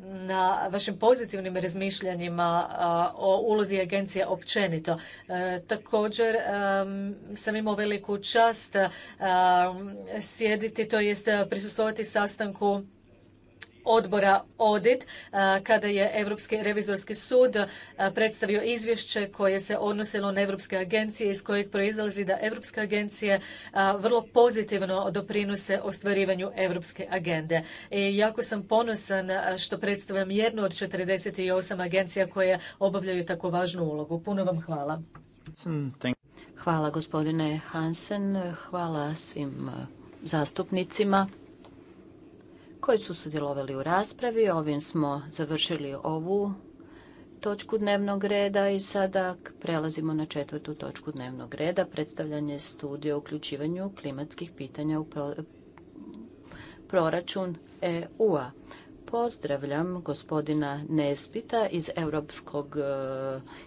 na vašim pozitivnim razmišljanjima o ulozi agencije općenito. Također sam imao veliku čast sjediti, to jest prisustovati sastanku odbora Audit kada je Europski revizorski sud predstavio izvješće koje se odnosilo na Europske agencije iz kojeg proizlazi da Europske agencije vrlo pozitivno doprinose ostvarivanju Europske agende. I e, jako sam ponosan što predstavljam jednu od 48 agencija koje obavljaju tako važnu ulogu. Puno vam hvala. Hvala gospodine Hansen, hvala svim zastupnicima koji su sudjelovali u raspravi. Ovim smo završili ovu točku dnevnog reda i sada prelazimo na četvrtu točku dnevnog reda, predstavljanje studije o uključivanju klimatskih pitanja u proračun EU-a. Pozdravljam gospodina Nespita iz Europskog e,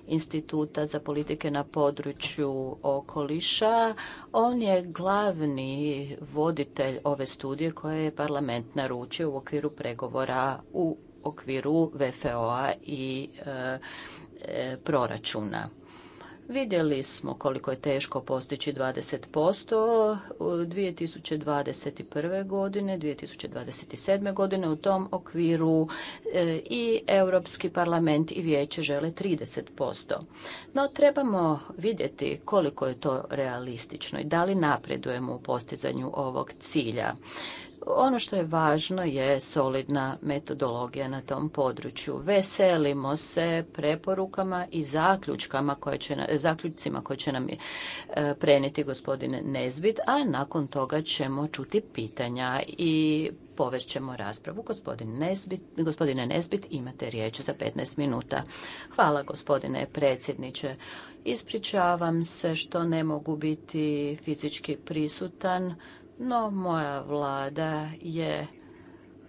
instituta za politike na području okoliša. On je glavni voditelj ove studije koje je parlament naručio u okviru pregovora u okviru VFO-a i e, e, proračuna. Vidjeli smo koliko je teško postići 20% 2021. godine, 2027. godine u tom okviru e, i Europski parlament i vijeće žele 30%. No trebamo vidjeti koliko je to realistično i da li napredujemo u postizanju ovog cilja. Ono što je važno je solidna metodologija na tom području. Veselimo se preporukama i zaključkama koje će, zaključcima koje će nam e, prenijeti gospodin Nezbit, a nakon toga ćemo čuti pitanja i povest ćemo raspravu. gospodine Nezbit, imate riječ za 15 minuta. Hvala gospodine predsjedniče. Ispričavam se što ne mogu biti fizički prisutan no moja vlada je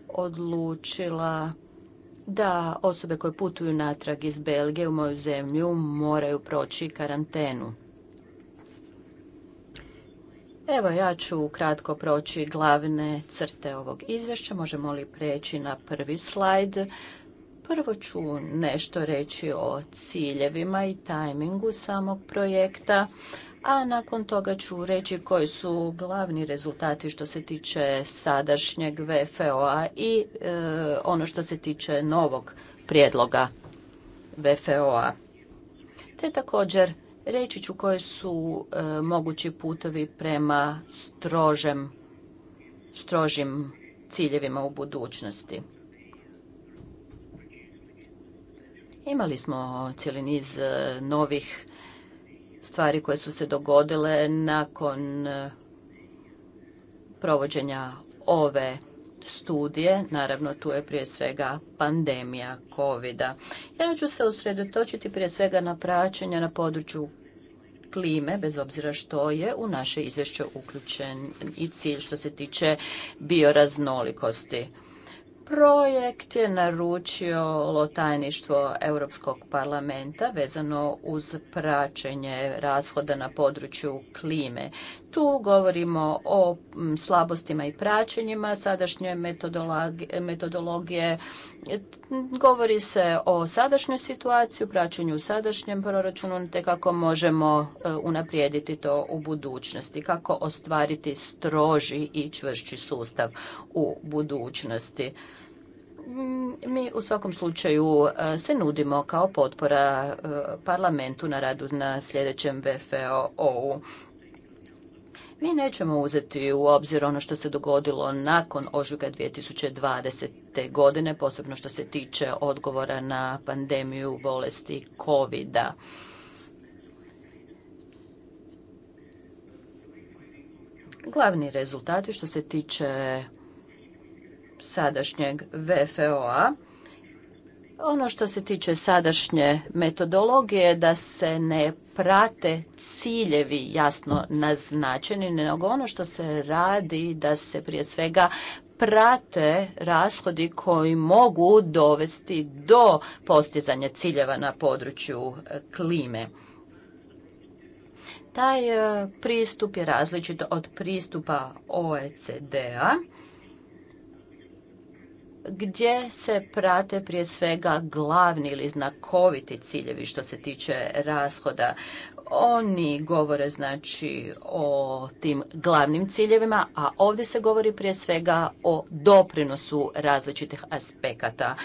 odlučila da osobe koje putuju natrag iz Belgije u moju zemlju moraju proći karantenu. Evo ja ću kratko proći glavne crte ovog izvješća. Možemo li preći na prvi slajd? Prvo ću nešto reći o ciljevima i tajmingu samog projekta a nakon toga ću reći koji su glavni rezultati što se tiče sadašnjeg VFO-a i e, ono što se tiče novog prijedloga VFO-a. Te također reći ću koji su e, mogući putovi prema strožim ciljevima u budućnosti. Imali smo cijeli niz e, novih stvari koje su se dogodile nakon e, provođenja ove studije, naravno tu je prije svega pandemija covid -a. Ja ću se usredotočiti prije svega na praćenje na području klime, bez obzira što je u naše izvješće uključen i cilj što se tiče bioraznolikosti. Projekt je naručio tajništvo Europskog parlamenta vezano uz praćenje rashoda na području klime. Tu govorimo o slabostima i praćenjima sadašnje metodologije. Govori se o sadašnjoj situaciji, praćenju u sadašnjem proračunu, te kako možemo e, unaprijediti to u budućnosti, kako ostvariti stroži i čvršći sustav u budućnosti. Mm, mi u svakom slučaju e, se nudimo kao potpora e, parlamentu na radu na sljedećem VFO-u. Mi nećemo uzeti u obzir ono što se dogodilo nakon ožujka 2020. godine, posebno što se tiče odgovora na pandemiju bolesti covid -a. Glavni rezultati što se tiče sadašnjeg VFO-a. Ono što se tiče sadašnje metodologije da se ne prate ciljevi jasno naznačeni, nego ono što se radi da se prije svega prate rashodi koji mogu dovesti do postizanja ciljeva na području e, klime. Taj e, pristup je različit od pristupa OECD-a gdje se prate prije svega glavni ili znakoviti ciljevi što se tiče rashoda. Oni govore znači o tim glavnim ciljevima, a ovdje se govori prije svega o doprinosu različitih aspekata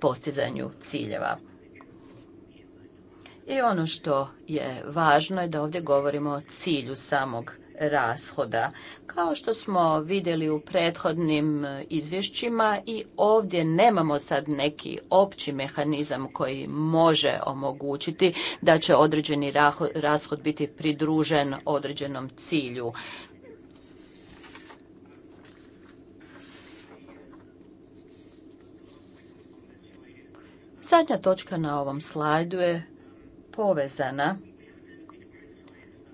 postizanju ciljeva. I ono što je važno je da ovdje govorimo o cilju samog rashoda. Kao što smo vidjeli u prethodnim e, izvješćima i ovdje nemamo sad neki opći mehanizam koji može omogućiti da će određeni rashod biti pridružen određenom cilju. Zadnja točka na ovom slajdu je povezana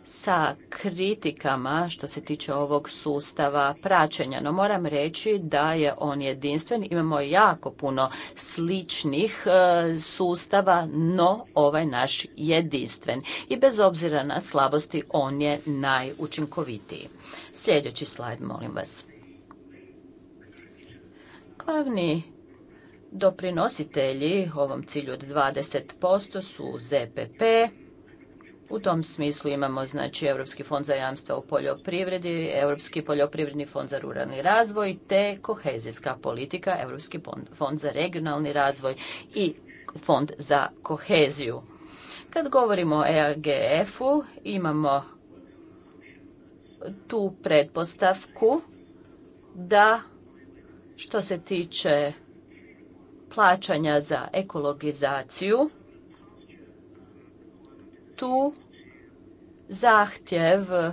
sa kritikama što se tiče ovog sustava praćenja, no moram reći da je on jedinstven. Imamo jako puno sličnih e, sustava, no ovaj naš jedinstven. I bez obzira na slabosti, on je najučinkovitiji. Sljedeći slajd, molim vas. Glavni doprinositelji ovom cilju od 20% su ZPP, u tom smislu imamo znači Europski fond za jamstvo u poljoprivredi, Europski poljoprivredni fond za ruralni razvoj te kohezijska politika, Europski fond za regionalni razvoj i fond za koheziju. Kad govorimo o EAGF-u imamo tu pretpostavku da što se tiče plaćanja za ekologizaciju tu zahtjev e,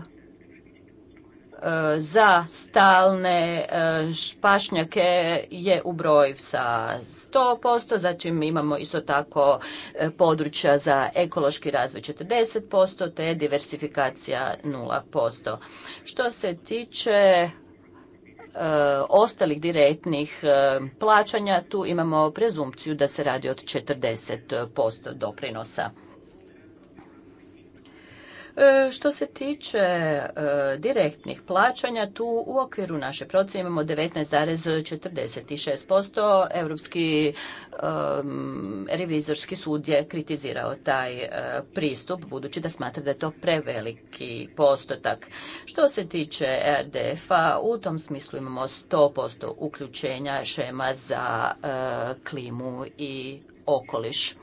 za stalne e, pašnjake je ubrojiv sa 100%, zatim imamo isto tako e, područja za ekološki razvoj 40%, te diversifikacija 0%. Što se tiče ostalih direktnih plaćanja, tu imamo prezumciju da se radi od 40% doprinosa. E, što se tiče e, direktnih plaćanja, tu u okviru naše procjene imamo 19,46%. Europski revizorski sud je kritizirao taj e, pristup, budući da smatra da je to preveliki postotak. Što se tiče RDF-a, u tom smislu imamo 100% uključenja šema za klimu i okoliš.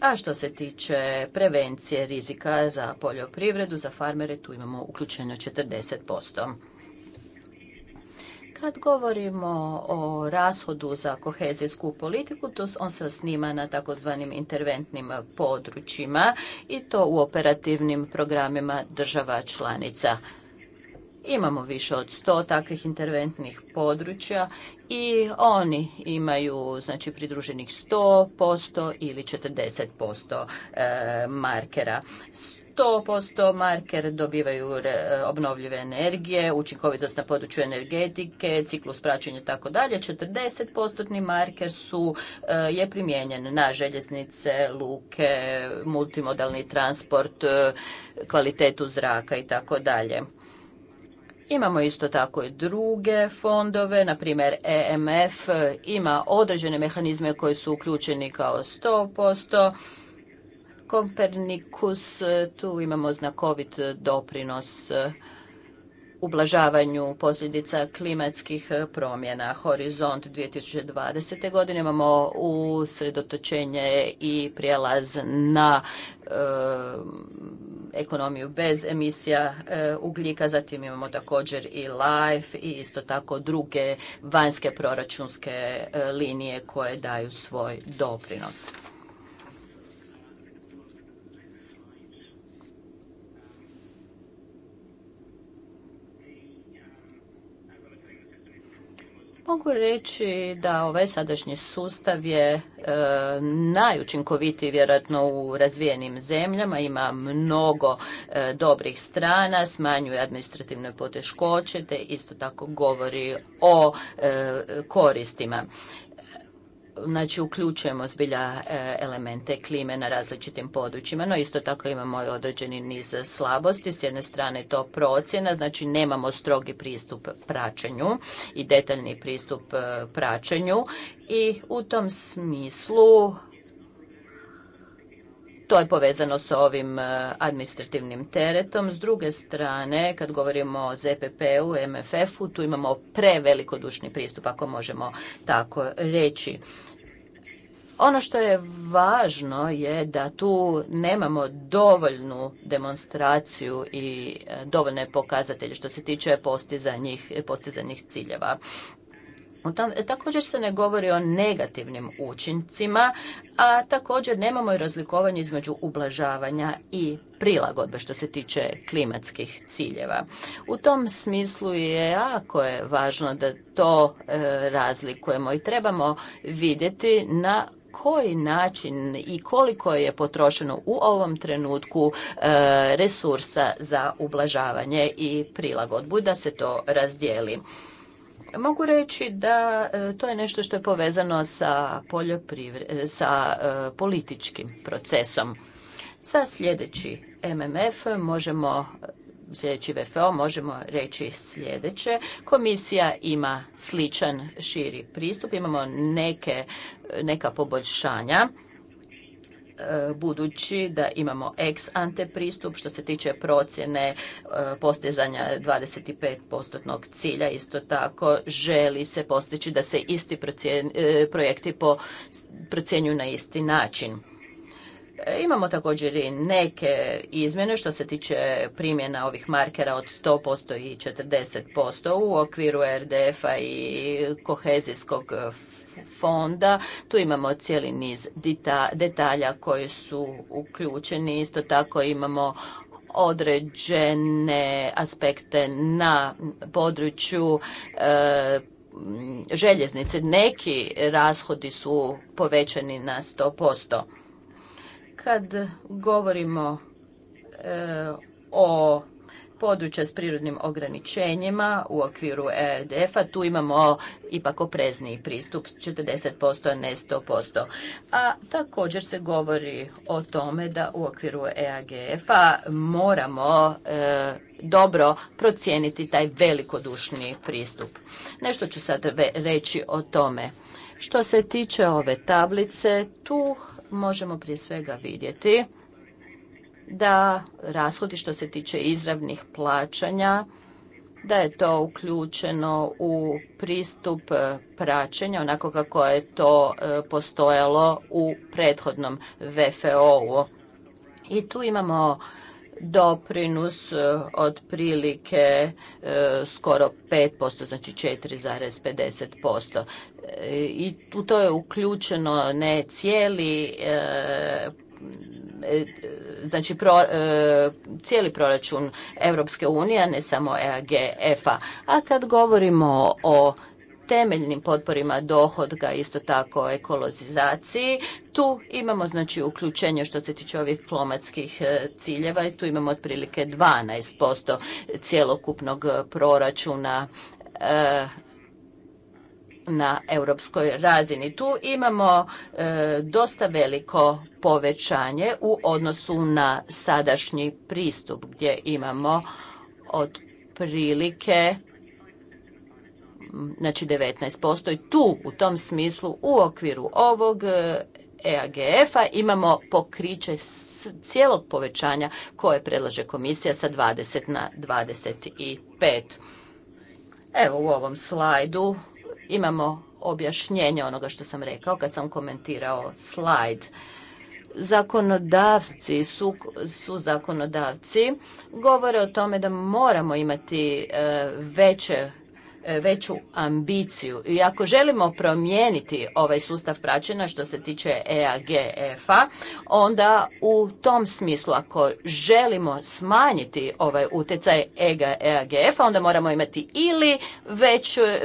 A što se tiče prevencije rizika za poljoprivredu, za farmere, tu imamo uključeno 40%. Kad govorimo o rashodu za kohezijsku politiku, to on se osnima na takozvanim interventnim područjima i to u operativnim programima država članica. Imamo više od sto takvih interventnih područja i oni imaju znači pridruženih 100% ili 40% e, markera. 100% marker dobivaju e, obnovljive energije, učinkovitost na području energetike, ciklus praćenja i tako dalje. 40% marker su, e, je primijenjen na željeznice, luke, multimodalni transport, kvalitetu zraka i tako dalje. Imamo isto tako i druge fondove, na primjer EMF ima određene mehanizme koji su uključeni kao 100%. Kompernikus, tu imamo znakovit doprinos ublažavanju posljedica klimatskih promjena. Horizont 2020. godine imamo usredotočenje i prijelaz na ekonomiju bez emisija e, ugljika, zatim imamo također i LIFE i isto tako druge vanjske proračunske e, linije koje daju svoj doprinos. Mogu reći da ovaj sadašnji sustav je e, najučinkovitiji vjerojatno u razvijenim zemljama, ima mnogo e, dobrih strana, smanjuje administrativne poteškoće te isto tako govori o e, koristima znači uključujemo zbilja e, elemente klime na različitim područjima, no isto tako imamo i određeni niz slabosti. S jedne strane to procjena, znači nemamo strogi pristup praćenju i detaljni pristup e, praćenju i u tom smislu to je povezano s ovim e, administrativnim teretom. S druge strane, kad govorimo o ZPP-u, MFF-u, tu imamo prevelikodušni pristup, ako možemo tako reći. Ono što je važno je da tu nemamo dovoljnu demonstraciju i e, dovoljne pokazatelje što se tiče postizanih ciljeva. Također se ne govori o negativnim učincima, a također nemamo i razlikovanje između ublažavanja i prilagodbe što se tiče klimatskih ciljeva. U tom smislu je jako je važno da to e, razlikujemo i trebamo vidjeti na koji način i koliko je potrošeno u ovom trenutku e, resursa za ublažavanje i prilagodbu da se to razdijeli. Mogu reći da e, to je nešto što je povezano sa, e, sa e, političkim procesom. Sa sljedeći MMF možemo sljedeći VFO možemo reći sljedeće. Komisija ima sličan širi pristup, imamo neke, neka poboljšanja E, budući da imamo ex ante pristup što se tiče procjene e, postizanja 25% cilja. Isto tako želi se postići da se isti e, projekti po, procjenju na isti način. Imamo također i neke izmjene što se tiče primjena ovih markera od 100% i 40% u okviru RDF-a i kohezijskog fonda. Tu imamo cijeli niz detalja koji su uključeni. Isto tako imamo određene aspekte na području e, željeznice. Neki rashodi su povećani na 100%. Kad govorimo e, o područja s prirodnim ograničenjima u okviru ERDF-a. Tu imamo ipak oprezniji pristup, 40%, a ne 100%. A također se govori o tome da u okviru EAGF-a moramo e, dobro procijeniti taj velikodušni pristup. Nešto ću sad reći o tome. Što se tiče ove tablice, tu možemo prije svega vidjeti da rashodi što se tiče izravnih plaćanja da je to uključeno u pristup e, praćenja onako kako je to e, postojalo u prethodnom VFO-u. I tu imamo doprinus e, otprilike skoro 5%, znači 4,50%. I tu to je uključeno ne cijeli E, znači pro, e, cijeli proračun Europske unije, ne samo EAGF-a. A kad govorimo o temeljnim potporima dohodka isto tako ekolozizaciji. Tu imamo znači uključenje što se tiče ovih klomatskih e, ciljeva i tu imamo otprilike 12% cjelokupnog proračuna na europskoj razini. Tu imamo e, dosta veliko povećanje u odnosu na sadašnji pristup gdje imamo otprilike znači 19%. I tu u tom smislu u okviru ovog EAGF-a e imamo pokriće cijelog povećanja koje predlaže komisija sa 20 na 25. Evo u ovom slajdu imamo objašnjenje onoga što sam rekao kad sam komentirao slajd. Zakonodavci su, su zakonodavci govore o tome da moramo imati e, veće E, veću ambiciju i ako želimo promijeniti ovaj sustav praćenja što se tiče EAGF-a, e onda u tom smislu ako želimo smanjiti ovaj utjecaj EAGF-a, e onda moramo imati ili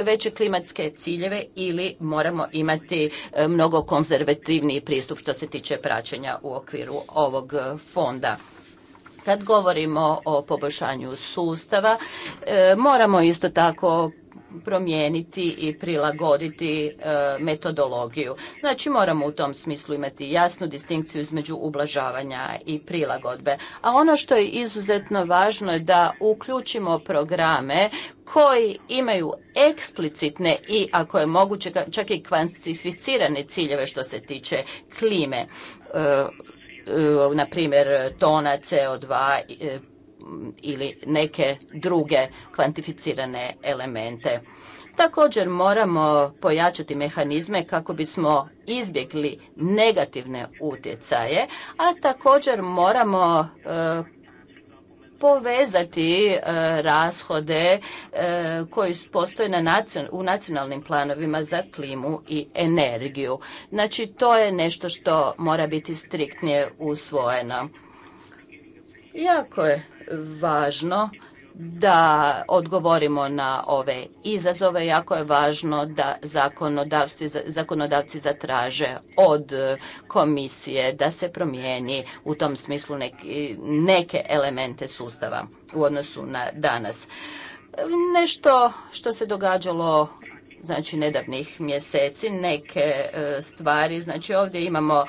veće klimatske ciljeve ili moramo imati mnogo konzervativniji pristup što se tiče praćenja u okviru ovog fonda. Kad govorimo o poboljšanju sustava, moramo isto tako promijeniti i prilagoditi e, metodologiju. Znači moramo u tom smislu imati jasnu distinkciju između ublažavanja i prilagodbe. A ono što je izuzetno važno je da uključimo programe koji imaju eksplicitne i ako je moguće čak i kvantificirane ciljeve što se tiče klime. E, e, na primjer tona CO2 ili neke druge kvantificirane elemente. Također moramo pojačati mehanizme kako bismo izbjegli negativne utjecaje, a također moramo e, povezati e, rashode e, koji postoje u nacionalnim planovima za klimu i energiju. Znači to je nešto što mora biti striktnije usvojeno. Jako je važno da odgovorimo na ove izazove. Jako je važno da zakonodavci, zatraže od komisije da se promijeni u tom smislu neke elemente sustava u odnosu na danas. Nešto što se događalo znači nedavnih mjeseci neke e, stvari. Znači ovdje imamo e,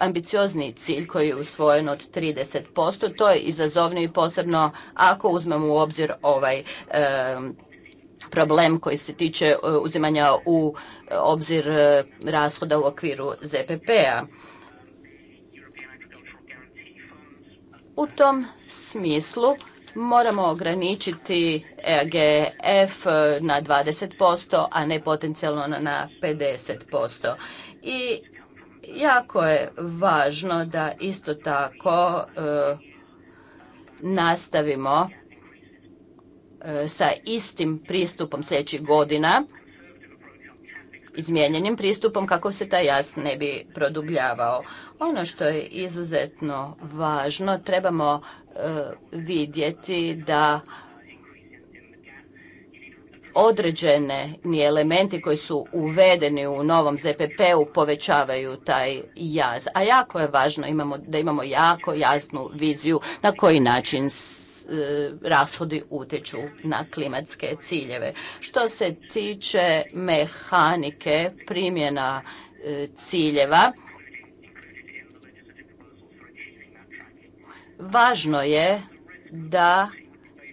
ambiciozni cilj koji je usvojen od 30%. To je i posebno ako uzmemo u obzir ovaj e, problem koji se tiče uzimanja u obzir rashoda u okviru ZPP-a. U tom smislu moramo ograničiti EGF na 20%, a ne potencijalno na 50%. I jako je važno da isto tako e, nastavimo e, sa istim pristupom sljedećih godina izmijenjenim pristupom kako se taj jaz ne bi produbljavao. Ono što je izuzetno važno, trebamo e, vidjeti da određeni elementi koji su uvedeni u novom ZPP-u povećavaju taj jaz. A jako je važno imamo, da imamo jako jasnu viziju na koji način E, rashodi utječu na klimatske ciljeve. Što se tiče mehanike primjena e, ciljeva, važno je da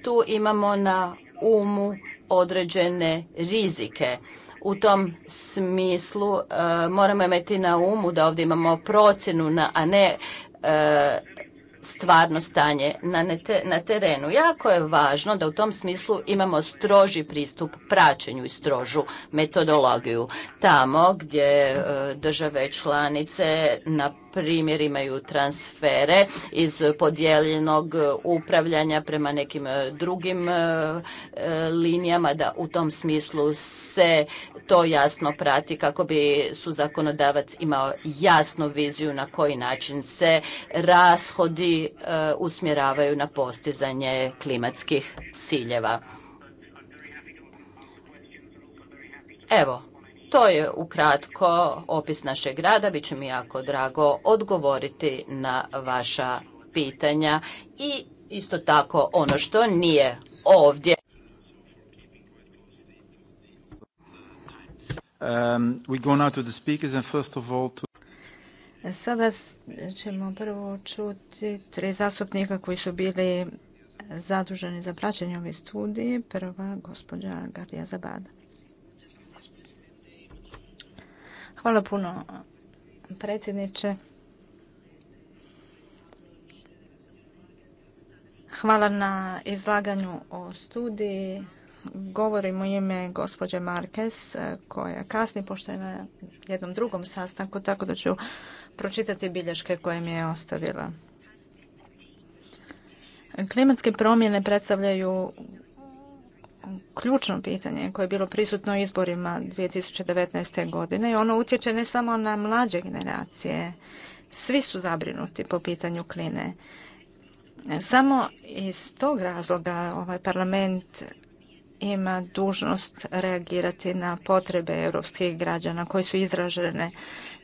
tu imamo na umu određene rizike. U tom smislu e, moramo imati na umu da ovdje imamo procjenu, na, a ne stvarno stanje na terenu. Jako je važno da u tom smislu imamo stroži pristup praćenju i strožu metodologiju. Tamo gdje e, države članice na primjer imaju transfere iz podijeljenog upravljanja prema nekim e, drugim e, e, linijama, da u tom smislu se to jasno prati kako bi su zakonodavac imao jasnu viziju na koji način se rashodi usmjeravaju na postizanje klimatskih ciljeva. Evo, to je ukratko opis našeg rada. Biće mi jako drago odgovoriti na vaša pitanja i isto tako ono što nije ovdje. Um, we go Sada ćemo prvo čuti tri zastupnika koji su bili zaduženi za praćenje ove studije. Prva gospođa Garija Zabada. Hvala puno predsjedniče. Hvala na izlaganju o studiji. Govorim u ime gospođe Marquez, koja kasni pošto je na jednom drugom sastanku, tako da ću pročitati bilješke koje mi je ostavila. Klimatske promjene predstavljaju ključno pitanje koje je bilo prisutno u izborima 2019. godine i ono utječe ne samo na mlađe generacije. Svi su zabrinuti po pitanju kline. Samo iz tog razloga ovaj parlament ima dužnost reagirati na potrebe europskih građana koji su izražene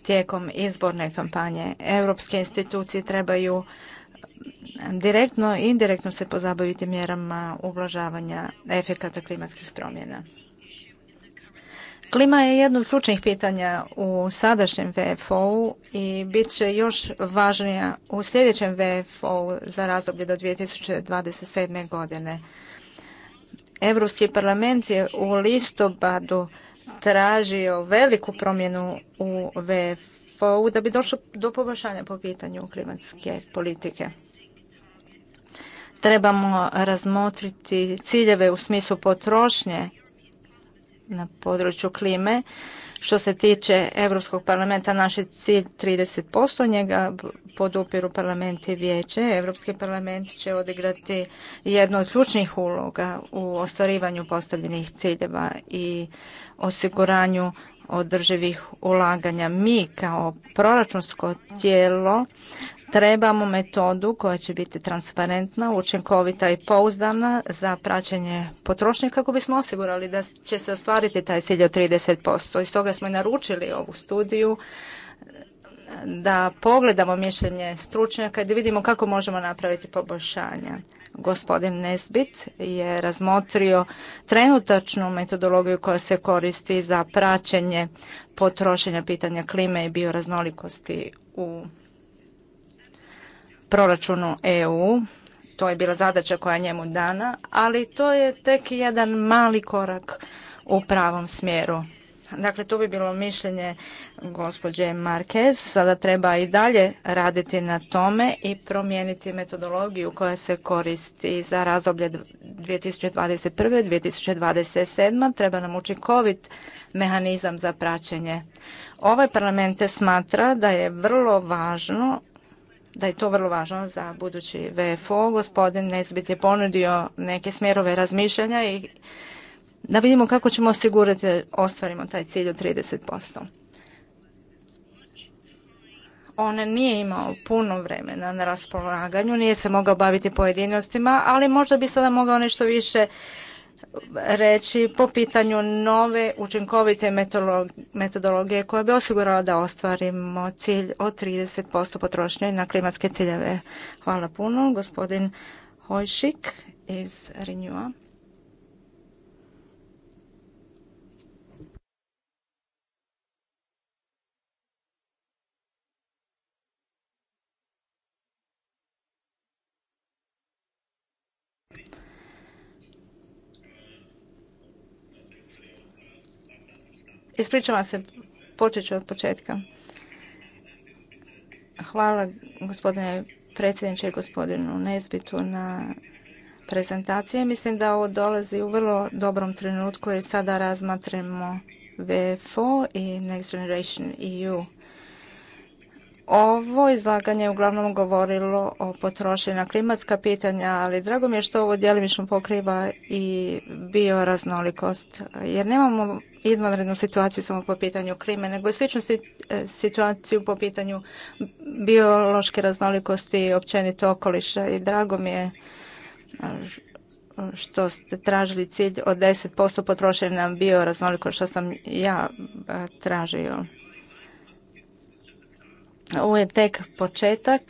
tijekom izborne kampanje. Europske institucije trebaju direktno i indirektno se pozabaviti mjerama ublažavanja efekata klimatskih promjena. Klima je jedno od ključnih pitanja u sadašnjem VFO-u i bit će još važnija u sljedećem VFO-u za razdoblje do 2027. godine. Europski parlament je u listopadu tražio veliku promjenu u VFO nivou da bi došlo do poboljšanja po pitanju klimatske politike. Trebamo razmotriti ciljeve u smislu potrošnje na području klime. Što se tiče Europskog parlamenta, naš je cilj 30%, njega podupiru parlament i vijeće. Europski parlament će odigrati jednu od ključnih uloga u ostvarivanju postavljenih ciljeva i osiguranju održivih ulaganja. Mi kao proračunsko tijelo trebamo metodu koja će biti transparentna, učinkovita i pouzdana za praćenje potrošnje kako bismo osigurali da će se ostvariti taj cilj od 30%. I stoga smo i naručili ovu studiju da pogledamo mišljenje stručnjaka i da vidimo kako možemo napraviti poboljšanja. Gospodin Nesbit je razmotrio trenutačnu metodologiju koja se koristi za praćenje potrošenja pitanja klime i bioraznolikosti u proračunu EU. To je bila zadaća koja je njemu dana, ali to je tek jedan mali korak u pravom smjeru. Dakle, tu bi bilo mišljenje gospođe Marquez. Sada treba i dalje raditi na tome i promijeniti metodologiju koja se koristi za razoblje 2021. 2027. Treba nam učinkovit mehanizam za praćenje. Ovaj parlament smatra da je vrlo važno da je to vrlo važno za budući VFO. Gospodin Nesbit je ponudio neke smjerove razmišljanja i da vidimo kako ćemo osigurati da ostvarimo taj cilj od 30%. On nije imao puno vremena na raspolaganju, nije se mogao baviti pojedinostima, ali možda bi sada mogao nešto više reći po pitanju nove učinkovite metodologije koja bi osigurala da ostvarimo cilj od 30% potrošnje na klimatske ciljeve. Hvala puno, gospodin Hojšik iz Renewa. Ispričavam se, počet ću od početka. Hvala gospodine predsjedniče i gospodinu Nezbitu na prezentacije. Mislim da ovo dolazi u vrlo dobrom trenutku jer sada razmatremo VFO i Next Generation EU. Ovo izlaganje je uglavnom govorilo o potrošnji na klimatska pitanja, ali drago mi je što ovo djelimično pokriva i bioraznolikost, jer nemamo izvanrednu situaciju samo po pitanju klime, nego i sličnu situaciju po pitanju biološke raznolikosti i općenito okoliša. I drago mi je što ste tražili cilj od 10% potrošenja na bioraznolikost, što sam ja tražio. Ovo je tek početak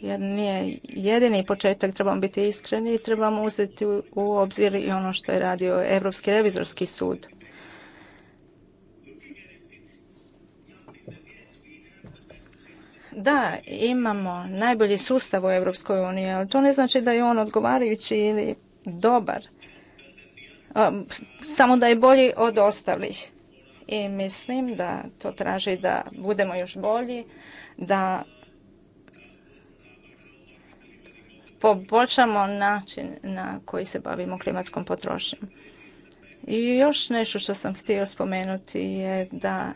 jer nije jedini početak, trebamo biti iskreni i trebamo uzeti u obzir i ono što je radio Europski revizorski sud. Da, imamo najbolji sustav u Europskoj uniji, ali to ne znači da je on odgovarajući ili dobar. Samo da je bolji od ostalih. I mislim da to traži da budemo još bolji, da poboljšamo način na koji se bavimo klimatskom potrošnjom. I još nešto što sam htio spomenuti je da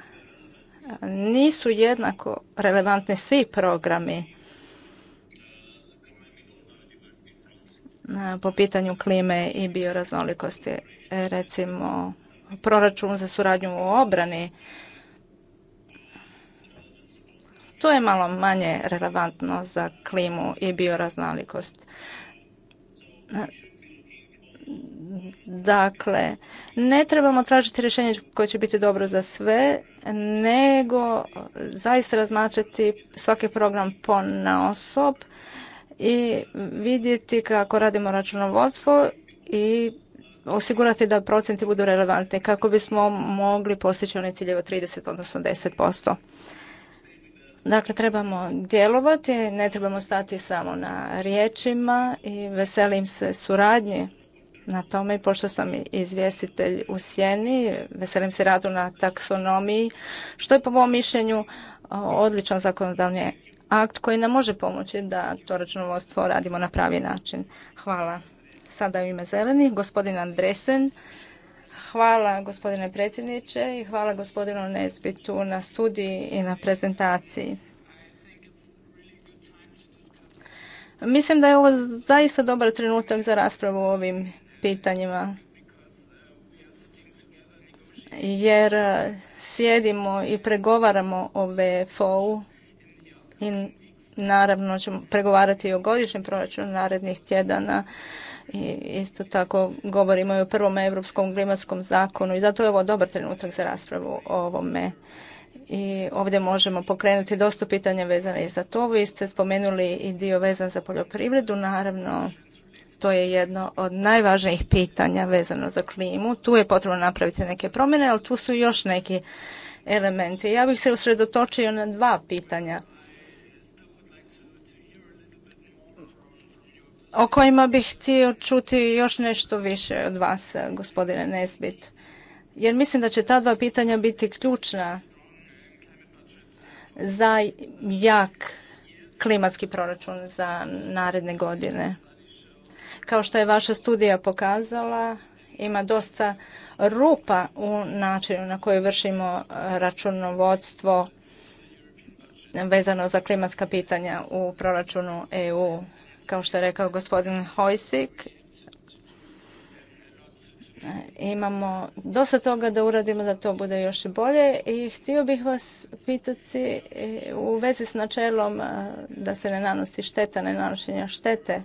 e, nisu jednako relevantni svi programi e, po pitanju klime i bioraznolikosti. E, recimo, proračun za suradnju u obrani to je malo manje relevantno za klimu i bioraznolikost. Dakle, ne trebamo tražiti rješenje koje će biti dobro za sve, nego zaista razmatrati svaki program na osob i vidjeti kako radimo računovodstvo i osigurati da procenti budu relevantni kako bismo mogli postići one ciljeve 30 odnosno 10%. Dakle, trebamo djelovati, ne trebamo stati samo na riječima i veselim se suradnji na tome i pošto sam izvjestitelj u Sjeni, veselim se radu na taksonomiji, što je po mom mišljenju odličan zakonodavni akt koji nam može pomoći da to računovodstvo radimo na pravi način. Hvala. Sada u ime zeleni, gospodin Andresen. Hvala gospodine predsjedniče i hvala gospodinu Nesbitu na studiji i na prezentaciji. Mislim da je ovo zaista dobar trenutak za raspravu o ovim pitanjima. Jer e, sjedimo i pregovaramo o VFO-u i naravno ćemo pregovarati i o godišnjem proračunu narednih tjedana. I isto tako govorimo i o prvom europskom klimatskom zakonu i zato je ovo dobar trenutak za raspravu o ovome i ovdje možemo pokrenuti dosta pitanja vezana i za to. Vi ste spomenuli i dio vezan za poljoprivredu, naravno to je jedno od najvažnijih pitanja vezano za klimu. Tu je potrebno napraviti neke promjene, ali tu su još neki elementi. Ja bih se usredotočio na dva pitanja o kojima bih htio čuti još nešto više od vas, eh, gospodine Nesbit. Jer mislim da će ta dva pitanja biti ključna za jak klimatski proračun za naredne godine. Kao što je vaša studija pokazala, ima dosta rupa u načinu na koji vršimo eh, računovodstvo vezano za klimatska pitanja u proračunu EU kao što je rekao gospodin Hojsik, imamo dosta toga da uradimo da to bude još i bolje i htio bih vas pitati e, u vezi s načelom e, da se ne nanosi šteta, ne nanošenja štete.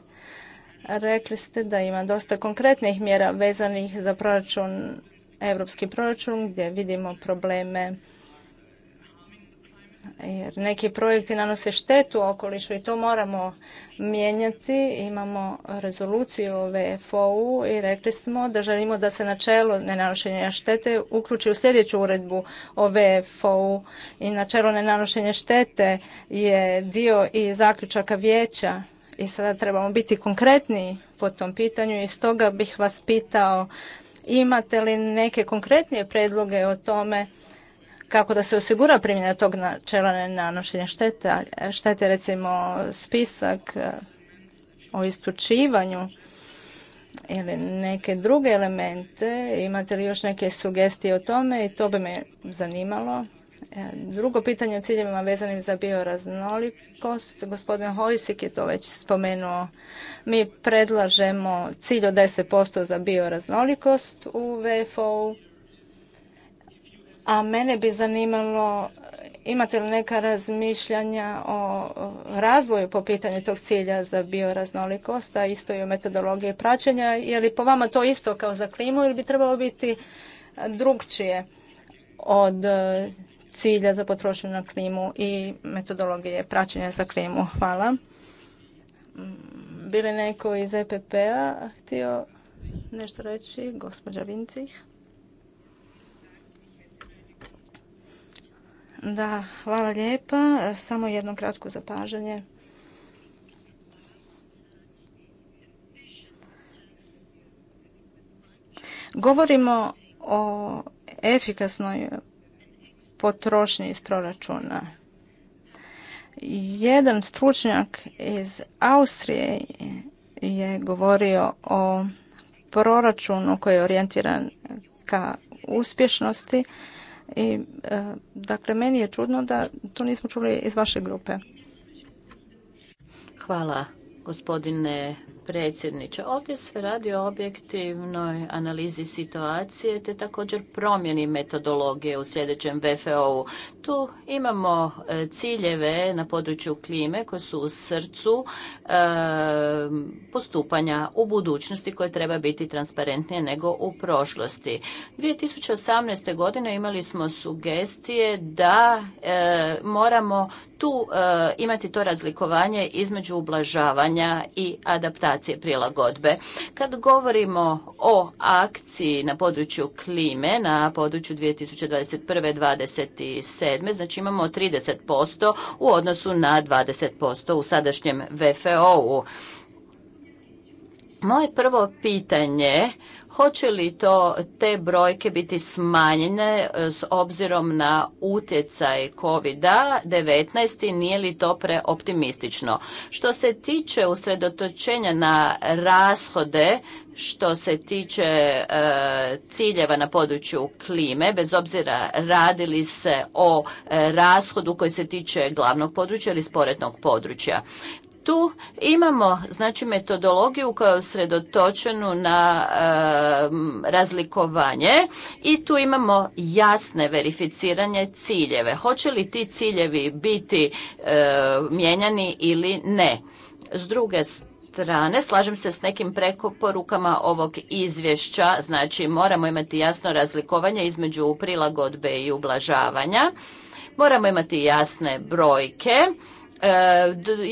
Rekli ste da ima dosta konkretnih mjera vezanih za proračun, europski proračun gdje vidimo probleme jer neki projekti nanose štetu okolišu i to moramo mijenjati. Imamo rezoluciju o VFO-u i rekli smo da želimo da se načelo nenanošenja štete uključi u sljedeću uredbu o VFO-u i načelo nenanošenja štete je dio i zaključaka vijeća i sada trebamo biti konkretniji po tom pitanju i stoga bih vas pitao imate li neke konkretnije predloge o tome kako da se osigura primjena tog načela na nanošenja šteta, štete recimo spisak e, o isključivanju ili neke druge elemente. Imate li još neke sugestije o tome i to bi me zanimalo. E, drugo pitanje o ciljevima vezanim za bioraznolikost. Gospodin Hojsik je to već spomenuo. Mi predlažemo cilj od 10% za bioraznolikost u vfo a mene bi zanimalo imate li neka razmišljanja o razvoju po pitanju tog cilja za bioraznolikost, a isto i o metodologiji praćenja. Je li po vama to isto kao za klimu ili bi trebalo biti drugčije od e, cilja za potrošnju na klimu i metodologije praćenja za klimu? Hvala. Bili neko iz EPP-a htio nešto reći? Gospođa Vincih. Da, hvala lijepa. Samo jedno kratko zapažanje. Govorimo o efikasnoj potrošnji iz proračuna. Jedan stručnjak iz Austrije je govorio o proračunu koji je orijentiran ka uspješnosti i, e, dakle, meni je čudno da to nismo čuli iz vaše grupe. Hvala, gospodine predsjedniče. Ovdje se radi o objektivnoj analizi situacije te također promjeni metodologije u sljedećem VFO-u. Tu imamo e, ciljeve na području klime koji su u srcu e, postupanja u budućnosti koje treba biti transparentnije nego u prošlosti. 2018. godine imali smo sugestije da e, moramo tu imati to razlikovanje između ublažavanja i adaptacije adaptacije prilagodbe. Kad govorimo o akciji na području klime, na području 2021-2027, znači imamo 30% u odnosu na 20% u sadašnjem VFO-u. Moje prvo pitanje, hoće li to te brojke biti smanjene e, s obzirom na utjecaj COVID-19 i nije li to preoptimistično? Što se tiče usredotočenja na rashode, što se tiče e, ciljeva na području klime, bez obzira radili se o e, rashodu koji se tiče glavnog područja ili sporednog područja tu imamo znači metodologiju koja je usredotočenu na razlikovanje i tu imamo jasne verificiranje ciljeve. Hoće li ti ciljevi biti mijenjani ili ne? S druge strane, slažem se s nekim preporukama ovog izvješća, znači moramo imati jasno razlikovanje između prilagodbe i ublažavanja. Moramo imati jasne brojke E,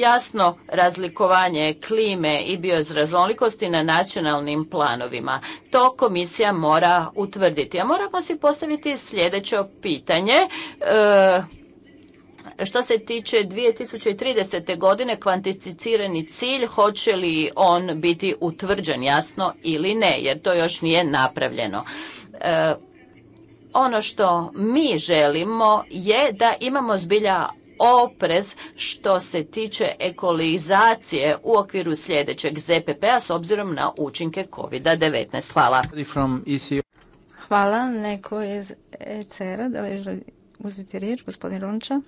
jasno razlikovanje klime i biozraznolikosti na nacionalnim planovima. To komisija mora utvrditi. A moramo si postaviti sljedeće pitanje. E, što se tiče 2030. godine kvantificirani cilj, hoće li on biti utvrđen jasno ili ne, jer to još nije napravljeno. E, ono što mi želimo je da imamo zbilja oprez što se tiče ekolizacije u okviru sljedećeg ZPP-a s obzirom na učinke COVID-19. Hvala. E Hvala. Neko iz ECR-a, da li želi uzeti riječ, gospodin Ronča?